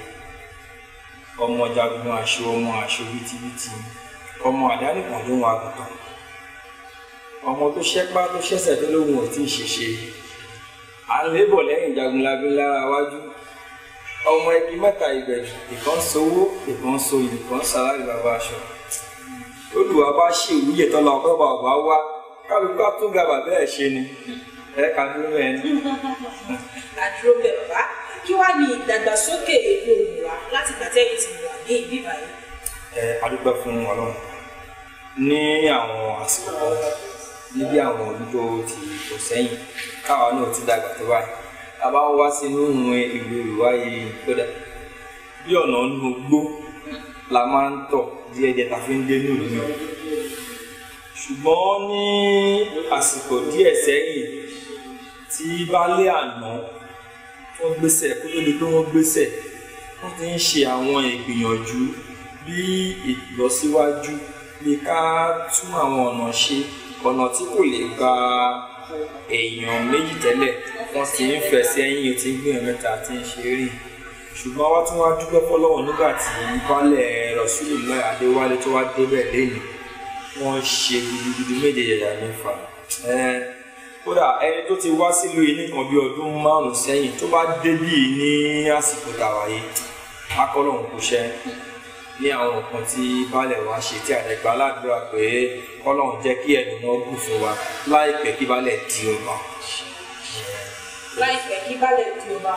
G: ọmọ jagun aṣọ ọmọ aṣọ wìtìwìtì ọmọ àdánìkàn ló ń wa àgùntàn ọmọ tó ṣẹ́pá tó ṣẹ̀ṣẹ̀ tó lóhun ò tí ì ṣèṣe à ń lébọ̀ lẹ́yìn jagunlabi lára wájú ọmọ ẹbí mẹ́ta ìgbẹ̀jù ìkan sowó ìkan so ìkan sàlárì bàbá aṣọ olùwà bá ṣe ìwúyè tọ́lá ọ̀pẹ́ bàbá wá kálukú àtúngà bàbá ẹ̀ ṣe ni ẹ kà ní mẹ́ ni.
B: (laughs) àdúró bẹ̀ bàbá kí wàá ní ìdàgbàsókè èlò olùwà láti gbàtẹ́ ìtì wà ní ìbí báyìí.
G: ẹ adúpẹ́ fún ọlọ́run ní àwọn àsìkò kan ní bí àwọn ọdún tó ti tó sẹ́yìn káwa náà ti dàgbà tó báyìí a bá ń wá sínú ìlú ìwáyé kódà bí ọ̀nà nínú gbó la máa ń tọ̀ díẹ̀ díẹ̀ ta fi ń dé nílùú náà ṣùgbọ́n ní àsìkò díẹ̀ sẹ́yìn tí baálé àná wọ́n gbéṣẹ́ kó tó di pé wọ́n gbéṣẹ́ wọ́n ti ń ṣe àwọn ìgbìyànjú bí ìlọsíwájú bí ká tún àwọn ọ̀nà ṣe ọ̀nà tí kò lè gba èèyàn méjì tẹ́lẹ̀ wọ́n sì ń fẹsẹ̀ ẹ̀yìn tí ń gbìyànjú mẹ́ta tí ń ṣe rìn ṣùgbọ́n wá tún wá dúpẹ́ fọlọ́wọ́ nígbà tí baálẹ̀ rọ̀ṣúlù náà adéwálé tó wá débẹ̀ lẹ́nu wọ́n ṣe gidigidi méje yàyà mẹ́fà kódà ẹni tó ti wá sílùú yìí nìkan bí ọdún márùn-ún sẹ́yìn tó bá débì ní àsìkò tàwa akọ́lọ́hún kò ṣẹ́ ní àwọn nǹkan tí baálẹ̀ wa ṣe tí àdẹ̀gbà aládùúrà pé kọ́lọ́hún jẹ́ kí ẹ̀dùn náà gùn fún wa láìpẹ́ kí baálẹ̀ di ọba.
B: láìpẹ́ kí baálẹ̀ di ọba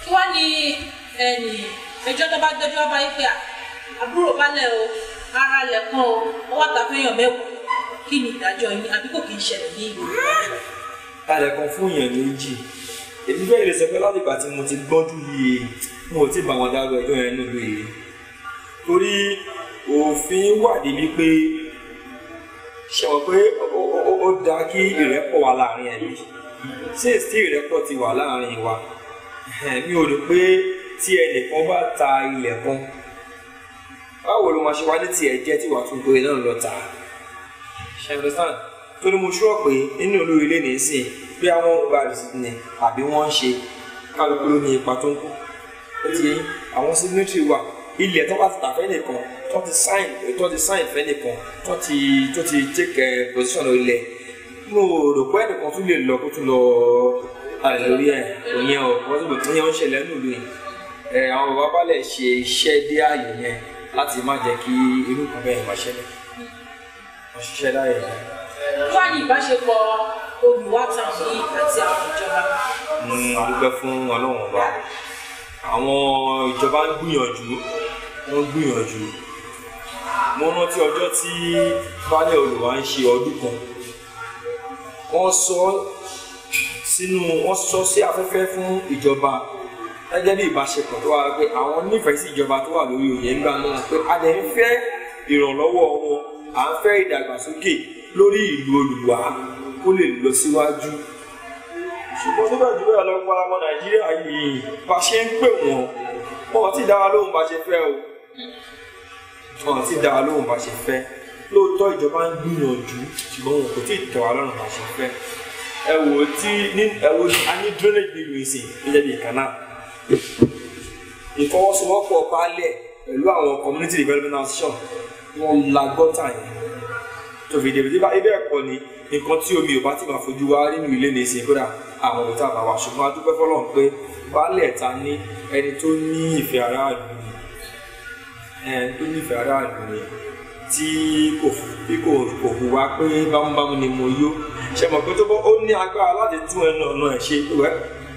B: kí wá ní ẹjọ́ tó bá dọ́jú wá báyìí pé àbúrò baálẹ̀ o ara lẹ̀ kan o ó wà tàbí èèyàn mẹ́wàá kí ni ìdájọ́ yín àbí kò kì í ṣẹlẹ̀ ní ìlú.
G: alẹ́ kan fún èèyàn méjì èmi fẹ́ ìrẹsẹ̀ pé láti ìgbà tí mo ti gbọ́njú yìí mo ti bá wọn dárò ẹjọ́ yẹn nílùú yìí torí òfin wà débi pé ṣe wọ́n pé ó dáa kí ìrẹ́pọ̀ wà láàrin ẹ̀mí since tí ìrẹ́pọ̀ ti wà láàrin wa mi ò rò pé tí ẹnìkan bá ta ilẹ̀ kan báwo ló máa ṣe wá ní tiẹ̀ jẹ́ tí wàá tún gbé náà lọ tà á tó ní mo ṣúọ̀ pé nínú olórí ilé nìsín bí àwọn gba ní àbí wọ́n ń ṣe kálukú ló ní ipa tó ń kú ó ti yẹ àwọn signatory wà ilẹ̀ tó bá ti tà fẹ́ nìkan tó ti sign tó ti sign fẹ́ nìkan tó ti tó ti take eh, position ilẹ̀ mo rò pé ẹnìkan tún lè lọ kó tún lọ alẹ́ lórí ẹ̀ òyìn ọ̀ wọ́n ti bọ̀ tí wọ́n ń ṣẹlẹ̀ nílùú yìí ẹ̀ àwọn bàbá balẹ̀ ṣe iṣẹ́ dé ààyè yẹn láti má jẹ́ kí irú nǹkan bẹ́ẹ̀ má ṣẹlẹ̀ wọ́n ṣiṣẹ́ láàyè yẹn.
B: wọ́n ní ìbáṣepọ̀ olùwàtàn yìí àti àwọn ìjọba.
G: Hmm, a dúpẹ́ fún ọlọ́run ọba àwọn ìjọba ń gbìyànjú wọ́n ń gbìyànjú mo rántí ọjọ́ tí baálé olùwà ń ṣe ọdún kan wọ́n sọ sínú wọ́n sọ sí afẹ́fẹ́ fún ìjọba gẹ́gẹ́ bí ìbáṣepọ̀ tó wà pé àwọn nífẹ̀ẹ́ sí ìjọba tó wà lórí òye ńgbà náà pé a lè ń fẹ́ ìrànlọ́wọ́ wọn à ń fẹ́ ìdàgbàsókè lórí ìlú Olùwà kó lè lọ síwájú. Si ṣùgbọ́n síbẹ̀síbẹ̀ ọlọ́pàá ọmọ nàìjíríà yìí bá ṣe ń pè wọ́n wọn ti dá lóhùn bá ṣe fẹ́ o wọn ti dá lóhùn bá ṣe fẹ́ lóòótọ́ ìjọba ń gbìyànjú ṣùgbọ́n wọn kò tí ì tẹ̀ wá bá ṣe fẹ́ ẹ wò ó tí ẹ wò ní a ní drainage bí wíìsì níjẹ́ bí kànáà ìfọwọ́sowọ́pọ̀ balẹ̀ pẹ̀lú àwọn community development association wọn la gọ́tà yẹn tó fi débi débà ibẹ̀ ẹ̀kọ́ ni nǹkan tí omi ò bá ti máa fojú wa nínú ilé ní ìsìn kódà àwọn òbí tá a bá wa ṣùgbọ́n a dúpẹ́ fọlọ́run pé baálẹ̀ ta ní ẹni tó ní ìfẹ́ aráàlú ni ẹni tó ní ìfẹ́ aráàlú ni tí kò fi kò kò hùwà pé bámúbámú ni mo yó ṣe mọ̀ pé tó bọ́ ó ní agbára láti tún ẹnu ọ̀nà ẹ̀ ṣe wẹ́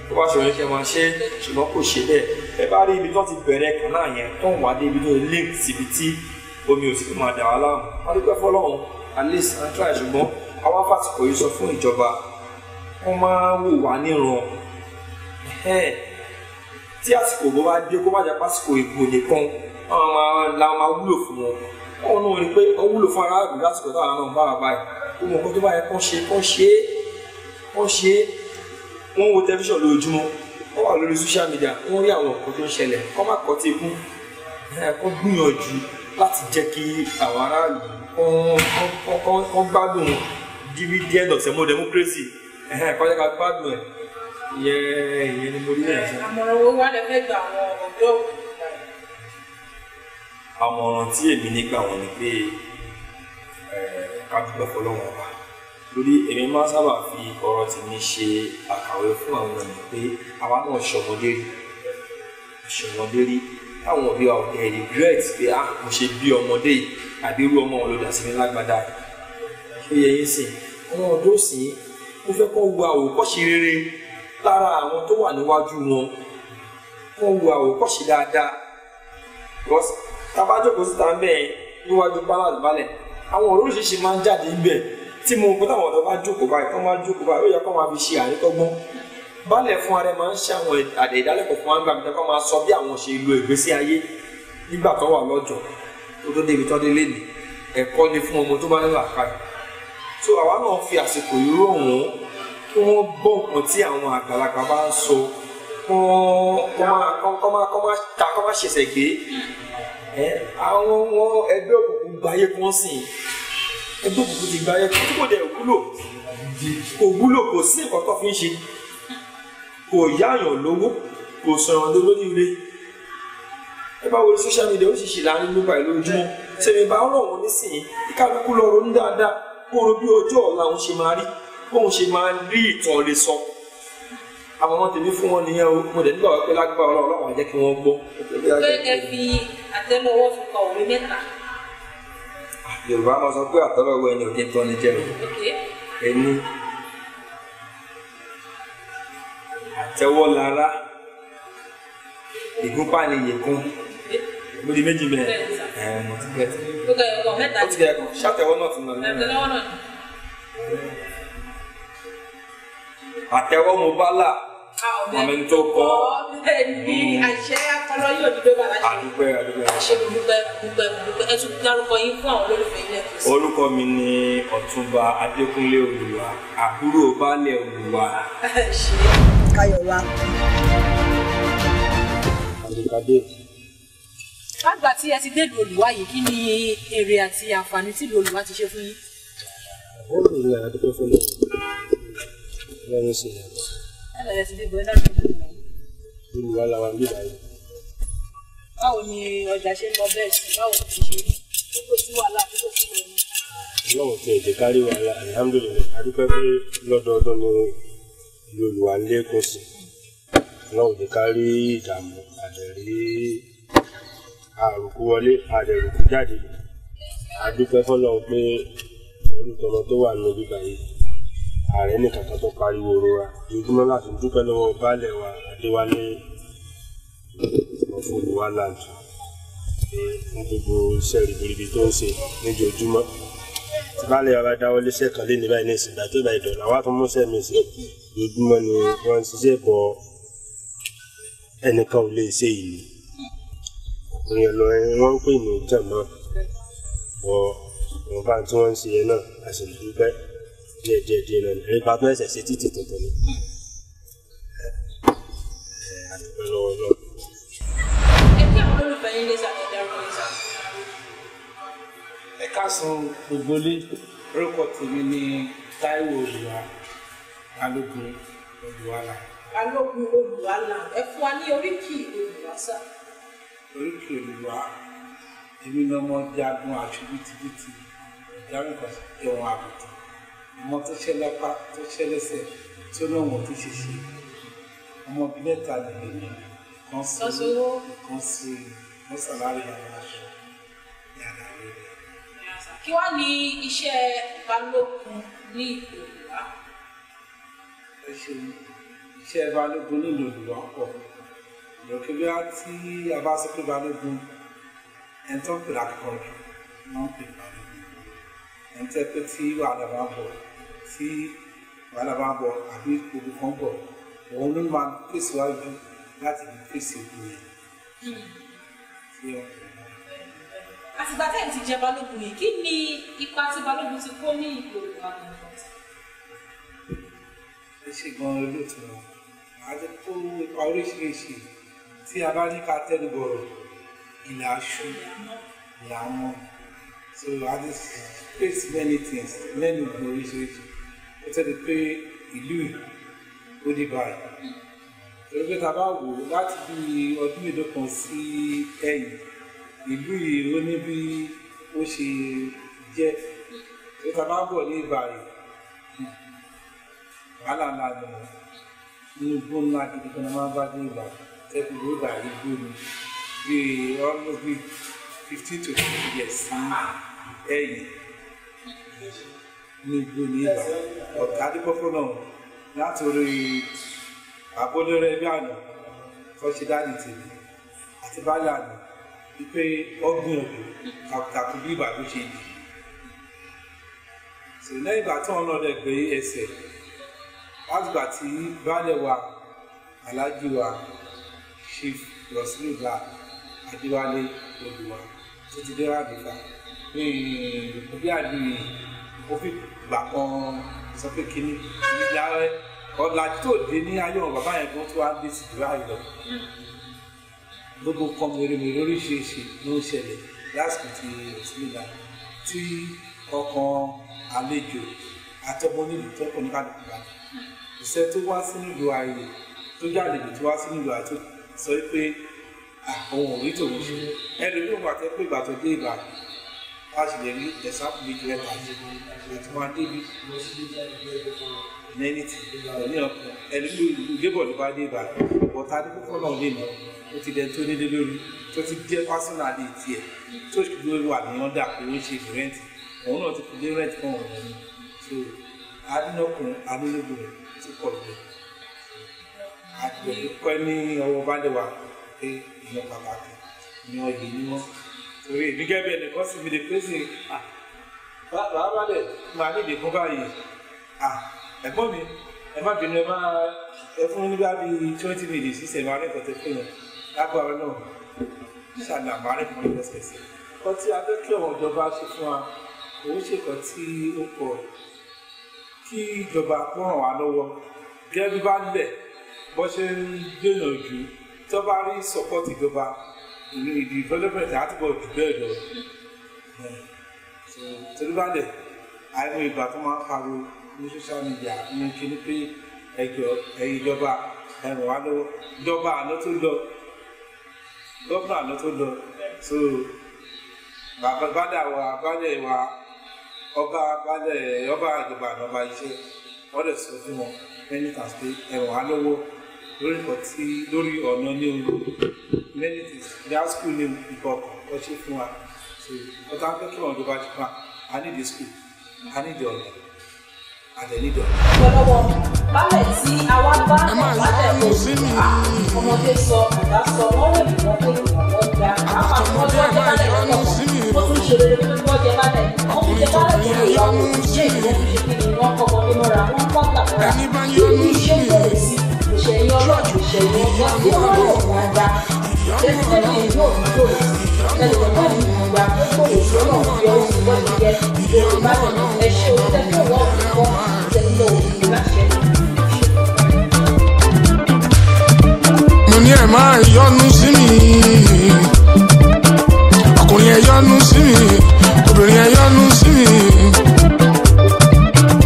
G: tó bá ṣòro kẹ́ máa ṣe ṣùgbọ́n kò ṣe bẹ́ẹ̀ ẹ bá rí ibi tó ti bẹ̀rẹ̀ kànáà yẹn tó ń wá dé ibi tó lè síbi tí omi ò sì fi máa dà wá láàmú wọ́n dúpẹ́ fọlọ́run at least a try ṣùgbọ́n àwa fásitì yìí sọ fún ìjọba wọ́n máa wò wá níran tí àsìkò bó bá dé kó bá jà pásìkò ìbò nìkan la máa wúlò fún wọn wọn náà rí i pé wọn wúlò fún aráàlú lásìkò táwọn náà ń bá wa báyìí ó mọ nǹkan tó bá yẹ kán ṣe kán ṣe é kán ṣe é wọ́n wo tẹlifíṣàn lójoojúmọ́ wọ́n wà lórí social media wọ́n rí àwọn nǹkan tó ń ṣẹlẹ̀ kán má kọ́ tí ikú kán gbìyànjú láti jẹ́ kí àwọn aráàlú ó gbádùn dividend of semo democracy kọjá ká gbádùn
D: ẹ̀ ìyẹn ìyẹn ni
G: mo rí ẹ̀ sọ.
B: àmọ̀ràn owó wà lẹ́fẹ̀ẹ́ gbà àwọn ọ̀dọ́
G: àmọ̀ràn tí èmi nígbà wọn ni pé ká dúpẹ́ fọlọ́wọ́n wa lórí èmi máa sábà fi ọ̀rọ̀ tèmi ṣe àkàwé fún àwọn ènìyàn pé àwa náà ṣọmọdé rí ṣèwọlé rí táwọn òbí wa ọ̀tẹ̀ regret pé ah mo ṣe bí ọmọdé yìí àbí irú ọmọ wọn ló dà sí mi lágbádá ṣé yẹ yín sìn ọmọ ọdún òsì ó fẹ́ kọ́ wo àwòkọ́ṣe rere lára àwọn tó wà níwájú wọn kọ́ wo àwòkọ́ṣe dáadáa because tábàjọ́kọ̀ síta ń bẹ̀ níwájú balance balẹ̀ àwọn ọ̀rọ̀ oríṣiríṣi máa ń jáde ń bẹ̀ tí mo kó táwọn ọ̀dọ́ bá jókòó báyìí tó máa jókòó báyìí ó yẹ kó máa fi ṣe àríkọ́gbọ́n balẹ̀ fún ara ẹ máa ń ṣe àwọn àdè ìdálẹ́kọ̀ọ́ fún wa nígbà mìíràn kó máa sọ bí àwọn ṣe lo ìgbésí ayé nígbà tó wà lọ́jọ́ tó tó débi tó délé ni ẹ̀kọ́ ni fún ọmọ tó bá ń là kalẹ̀ so àwa náà fi àsìkò yìí rò wọ́n kí wọ́n gbọ́ nǹkan tí àwọn àgbàlagbà bá ń sọ kọ́ máa ta kọ́ máa ṣẹ̀ṣẹ̀ gbé àwọn ẹgbẹ́ òkùnkùn gbáyé kan sìn ẹgbẹ́ òkùnkùn ti gbáyé kan tí kò dẹ̀ wúlò kò wúlò kò sí nǹkan tó fi ń ṣe kò yáyàn lówó kò sọ̀rọ̀ lówó ní ilé ẹ bá wo social media ó sì ṣì láàrin nípa ìlú ojúmọ́ tèmi bá rọ̀ wọ́n nísìnyí kálukú lọ ronú dáadáa kó ro bí ọjọ́ ọ̀la òun ṣe máa rí bóun ṣe máa rí ìtàn lè sọ àwọn ọmọ tèmi fún wọn nìyẹn o mo dẹ̀ nígbà wípé lágbára ọlọ́run àwọn jẹ́ kí wọ́n gbọ́. gbẹ́gẹ́
B: fi àtẹnuwọ́ fi kọ òwe mẹ́ta.
G: yorùbá máa sọ pé àtọ́lọ́wọ́ ẹni ò tẹ́wọ́ lára ìgúnpá ni yèkún ló di méjì bẹ́ẹ̀ ẹ̀ mo ti gẹ̀
B: tẹ̀ ó
G: ti gẹ̀ kan ṣàtẹ̀wọ́ náà fún mi. àtẹ̀wọ́ mo bá là àmì tó kọ́
B: ẹni àṣẹ
G: orúkọ mi ni ọ̀túnba adékúnlé olùwà àbúrò baálé olùwà.
B: Káyọ̀wá. Àgbà tí ẹ ti dédò Olùwá kí ni èrè àti àǹfààní tí ìlú Olùwá ti ṣe fún yín?
E: Ó lè rí àdúgbò fún mi. Lọ́wọ́ sí i.
B: Ẹ lọ́yẹ̀ sí dédò ẹ dábìí
D: lọ́wọ́. làwọn ń bíbá yìí.
B: Báwo ni ọjà ṣe ń lọ bẹ́ẹ̀ sí? Báwo ni ti ṣe? Kókó sí wàhálà, kókó sí ìrọ̀rùn.
D: Ọlọ́run ti ẹ̀jẹ̀ kárí wàhálà, àlhámdùlilláhì,
G: àdúpẹ́ pé lọ́dọọdún ni lolùwà lé
D: ọlọ́run ní ká ìdààmú àdẹ̀rí àrùkú wọlé àdẹ̀rùkú jáde àdúpẹ́ fọlọ́run pé olùtọ́mọ tó wà nínú bíbá
G: ààrẹ nìkan kan tó pariwo rora ojúmọ́ láti dúpẹ́ lọ́wọ́ wa fún gbogbo iṣẹ́ tó ń ṣe níjojúmọ́ wa bá dáwọ́ léṣẹ́ kan lé ní
C: tó bá lójúmọ́ ni wọ́n ń ṣiṣẹ́ bọ
E: ẹnìkan ò lè ṣe ìlú ìyẹn lọ wọ́n ń pè ní jàmbá bọ ìwọ̀nba tí wọ́n ń ṣe yẹn náà a sì díẹ̀ náà ní ipa tó ẹ̀sẹ̀ ṣe títì tuntun ni.
D: ẹ̀kí àwọn gbogbo lé orúkọ tèmi ni Táíwò Olúwa balógun olùwàlà.
B: balógun olùwàlà ẹ fún wa ní oríkì olùwà sá.
D: oríkì olùwà èmi ni ọmọ jagun aṣọ bìtìbìtì ìdárúkọ ẹwọn àbùtù ọmọ tó ṣẹ lápá tó ṣẹ lẹ́sẹ̀ tí ó náà wọn tó ṣe ṣe ọmọ bíi mẹ́ta nìyẹn ni kan sí kan sí mọ́sálárì àwọn aṣọ yàrá
B: rẹ. kí wàá ní iṣẹ́ balógun ní
D: ìlú tó ṣe iṣẹ́ balógun nílùú Òdùwà pọ̀ lókè bí wá tí a bá sọ pé balógun ẹni tó ń pè lákòókò rẹ̀ wọ́n ń pè balógun ẹni tó pé tí wàhálà bá bọ̀ tí wàhálà bá bọ̀ àbí gbogbo kan bọ̀ òun ló máa pèsè wájú láti fi pèsè ogun yẹn sí
B: ọ̀pọ̀ àtìgbà tẹ́ẹ̀ ti jẹ balógun yìí kí ni ipa tí balógun ti kó ní ìlú Òdùwà
D: ṣe gan olóòtú náà àti tó ipa oríṣiríṣi tí a bá ní ká tẹnu bọ̀rọ̀ ìlà aṣọ ìlà so a ti face many things lẹ́nu ìgbò oríṣiríṣi ó tẹ́lẹ̀ pé ìlú ó dé báyìí torí pé ta bá wò láti bí ọdún mélòó kan sí ẹ̀yìn ìlú yìí ó ní bí ó ṣe jẹ́ torí ta bá bọ̀ wàhálà ńlá ni inú igbó ńlá gidi kan máa ń bá dé ìgbà tẹ́kùn ló gbà yí igbó ni bíi almost bíi fifteen to twenty years sí ẹ̀yìn inú igbó ní ìgbà ọ̀gá adébọ́fọ́ náà láti orí àbólérè ẹgbẹ́ àná kọ́ṣe dáàdì tèmi àti báyà àná wípé ọgbìn ọ̀gbìn tàkùn bí ìgbà tó ṣe yìí. sèlè ìgbà tí wọn lọ lẹ gbé ẹsẹ̀ látìgbà tí baálẹ̀ wa aláàjì wa chief rosilla adéwálé olùwà tó ti dé ràdìfà bí àbí ó fi gbà kan sọ pé kínní ìdílé ààrẹ ọ̀làjú tó dé ní ayé wọn bàbá yẹn gan tó wá dé sí ìdúrà yìí lọ gbogbo kan mèremère oríṣiríṣi ló ń ṣẹlẹ̀ lásìkò tí rosilla tí ọkàn àlejò àtọmọ onílù tó kọ ní kálukú iṣẹ́ tó wá sí nílùú ayé tó jáde tó wá sí nílùú ayé tó sọ pé òun ò rí tòun ṣe ẹni ló wà tẹ́ pé ìgbà tó dé ìgbà a sì lè rí ẹ̀sáàpù méjì ẹ̀ta àti wọn débi lẹ́ni tí ẹni ọ̀pọ̀ ẹni tó lébọ̀ ló bá dé ìgbà ọ̀tá ní kókó náà lè nà ó ti dẹni tó nílé lórí tó ti jẹ́ pásínà lè tiẹ̀ tó sì lórí wà ní ọ̀dà pé ó ń ṣe rẹ́ǹtì òun náà ti fi dé rẹ́ǹtì fún òun so adínàkùnrin adínàkùnrin tí pọ̀ lọ́wọ́ àgbẹ̀dúpẹ́ ní ọwọ́ balẹ̀wà pé ìyẹn bàbá kan ní ọyẹ ní wọn torí èmi gẹ́gẹ́ bí ẹnìkan sì mi lè pèsè bàbá balẹ̀ máa ní ìdìbò báyìí ẹ̀gbọ́n mi ẹ má bínú ẹ má ẹ fún nígbà bíi twenty minutes sísèmí arẹ́kọ̀ọ́ tẹ fún yẹn lágbára náà ṣàlẹ̀ àmàlẹ́ fún ẹlẹ́sẹ̀ẹsẹ̀ kan tí abẹ́kẹ́ ọ̀wọ́n ìjọba ṣe fún wa òun ṣèkan tí ó pọ̀ kí ìjọba kó ràn wá lọ́wọ́ gẹ́gẹ́ bí bá lẹ̀ bó ṣe ń gbìyànjú tó bá rí support ìjọba ìdí development àti bọ̀ jù bẹ́ẹ̀ lọ. torí bá lẹ̀ àìmọ̀ ìgbà tó máa ń pariwo ní social media ní kíní pé ẹjọ́ ẹ̀yin ìjọba ẹ ràn wá lọ́wọ́ ìjọba àná tó lọ gọ́ọ̀nà àná tó lọ so bàbá bàdà wa bàdà wa ọba abalẹ ọba ìjọba àdọba iṣẹ ọdẹ sọ many times pé ẹwọn alówó lórí nǹkan tí lórí ọ̀nà ní olú many times their school ní ìbọkàn lọ ṣe fún wa so ọ̀tá pé kí wọn ìjọba ti pa i need the school i need the ọ̀nà àtẹ̀lídọ̀.
B: ọ̀pọ̀lọpọ̀ bálẹ̀ tí àwa bá bálẹ̀ tó ah, ọmọdé sọ àdá sọ wọ́n lè mọ́ pé ìwọ̀n lọ́ọ́ da àwọn ọjọ́ bálẹ̀ tó ìṣòro lórí ló ń
C: mo ní ẹ̀ máa yọnu sí mi ọkùnrin ẹ yọ́nú sí mi obìnrin ẹ yọ́nú sí mi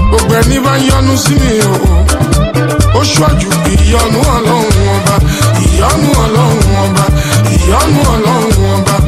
C: gbogbo
E: ẹni bá yọ́nú sí mi o ó ṣíwájú bí ìyọ́nú ọlọ́run ọba ìyọ́nú ọlọ́run ọba ìyọ́nú ọlọ́run ọba.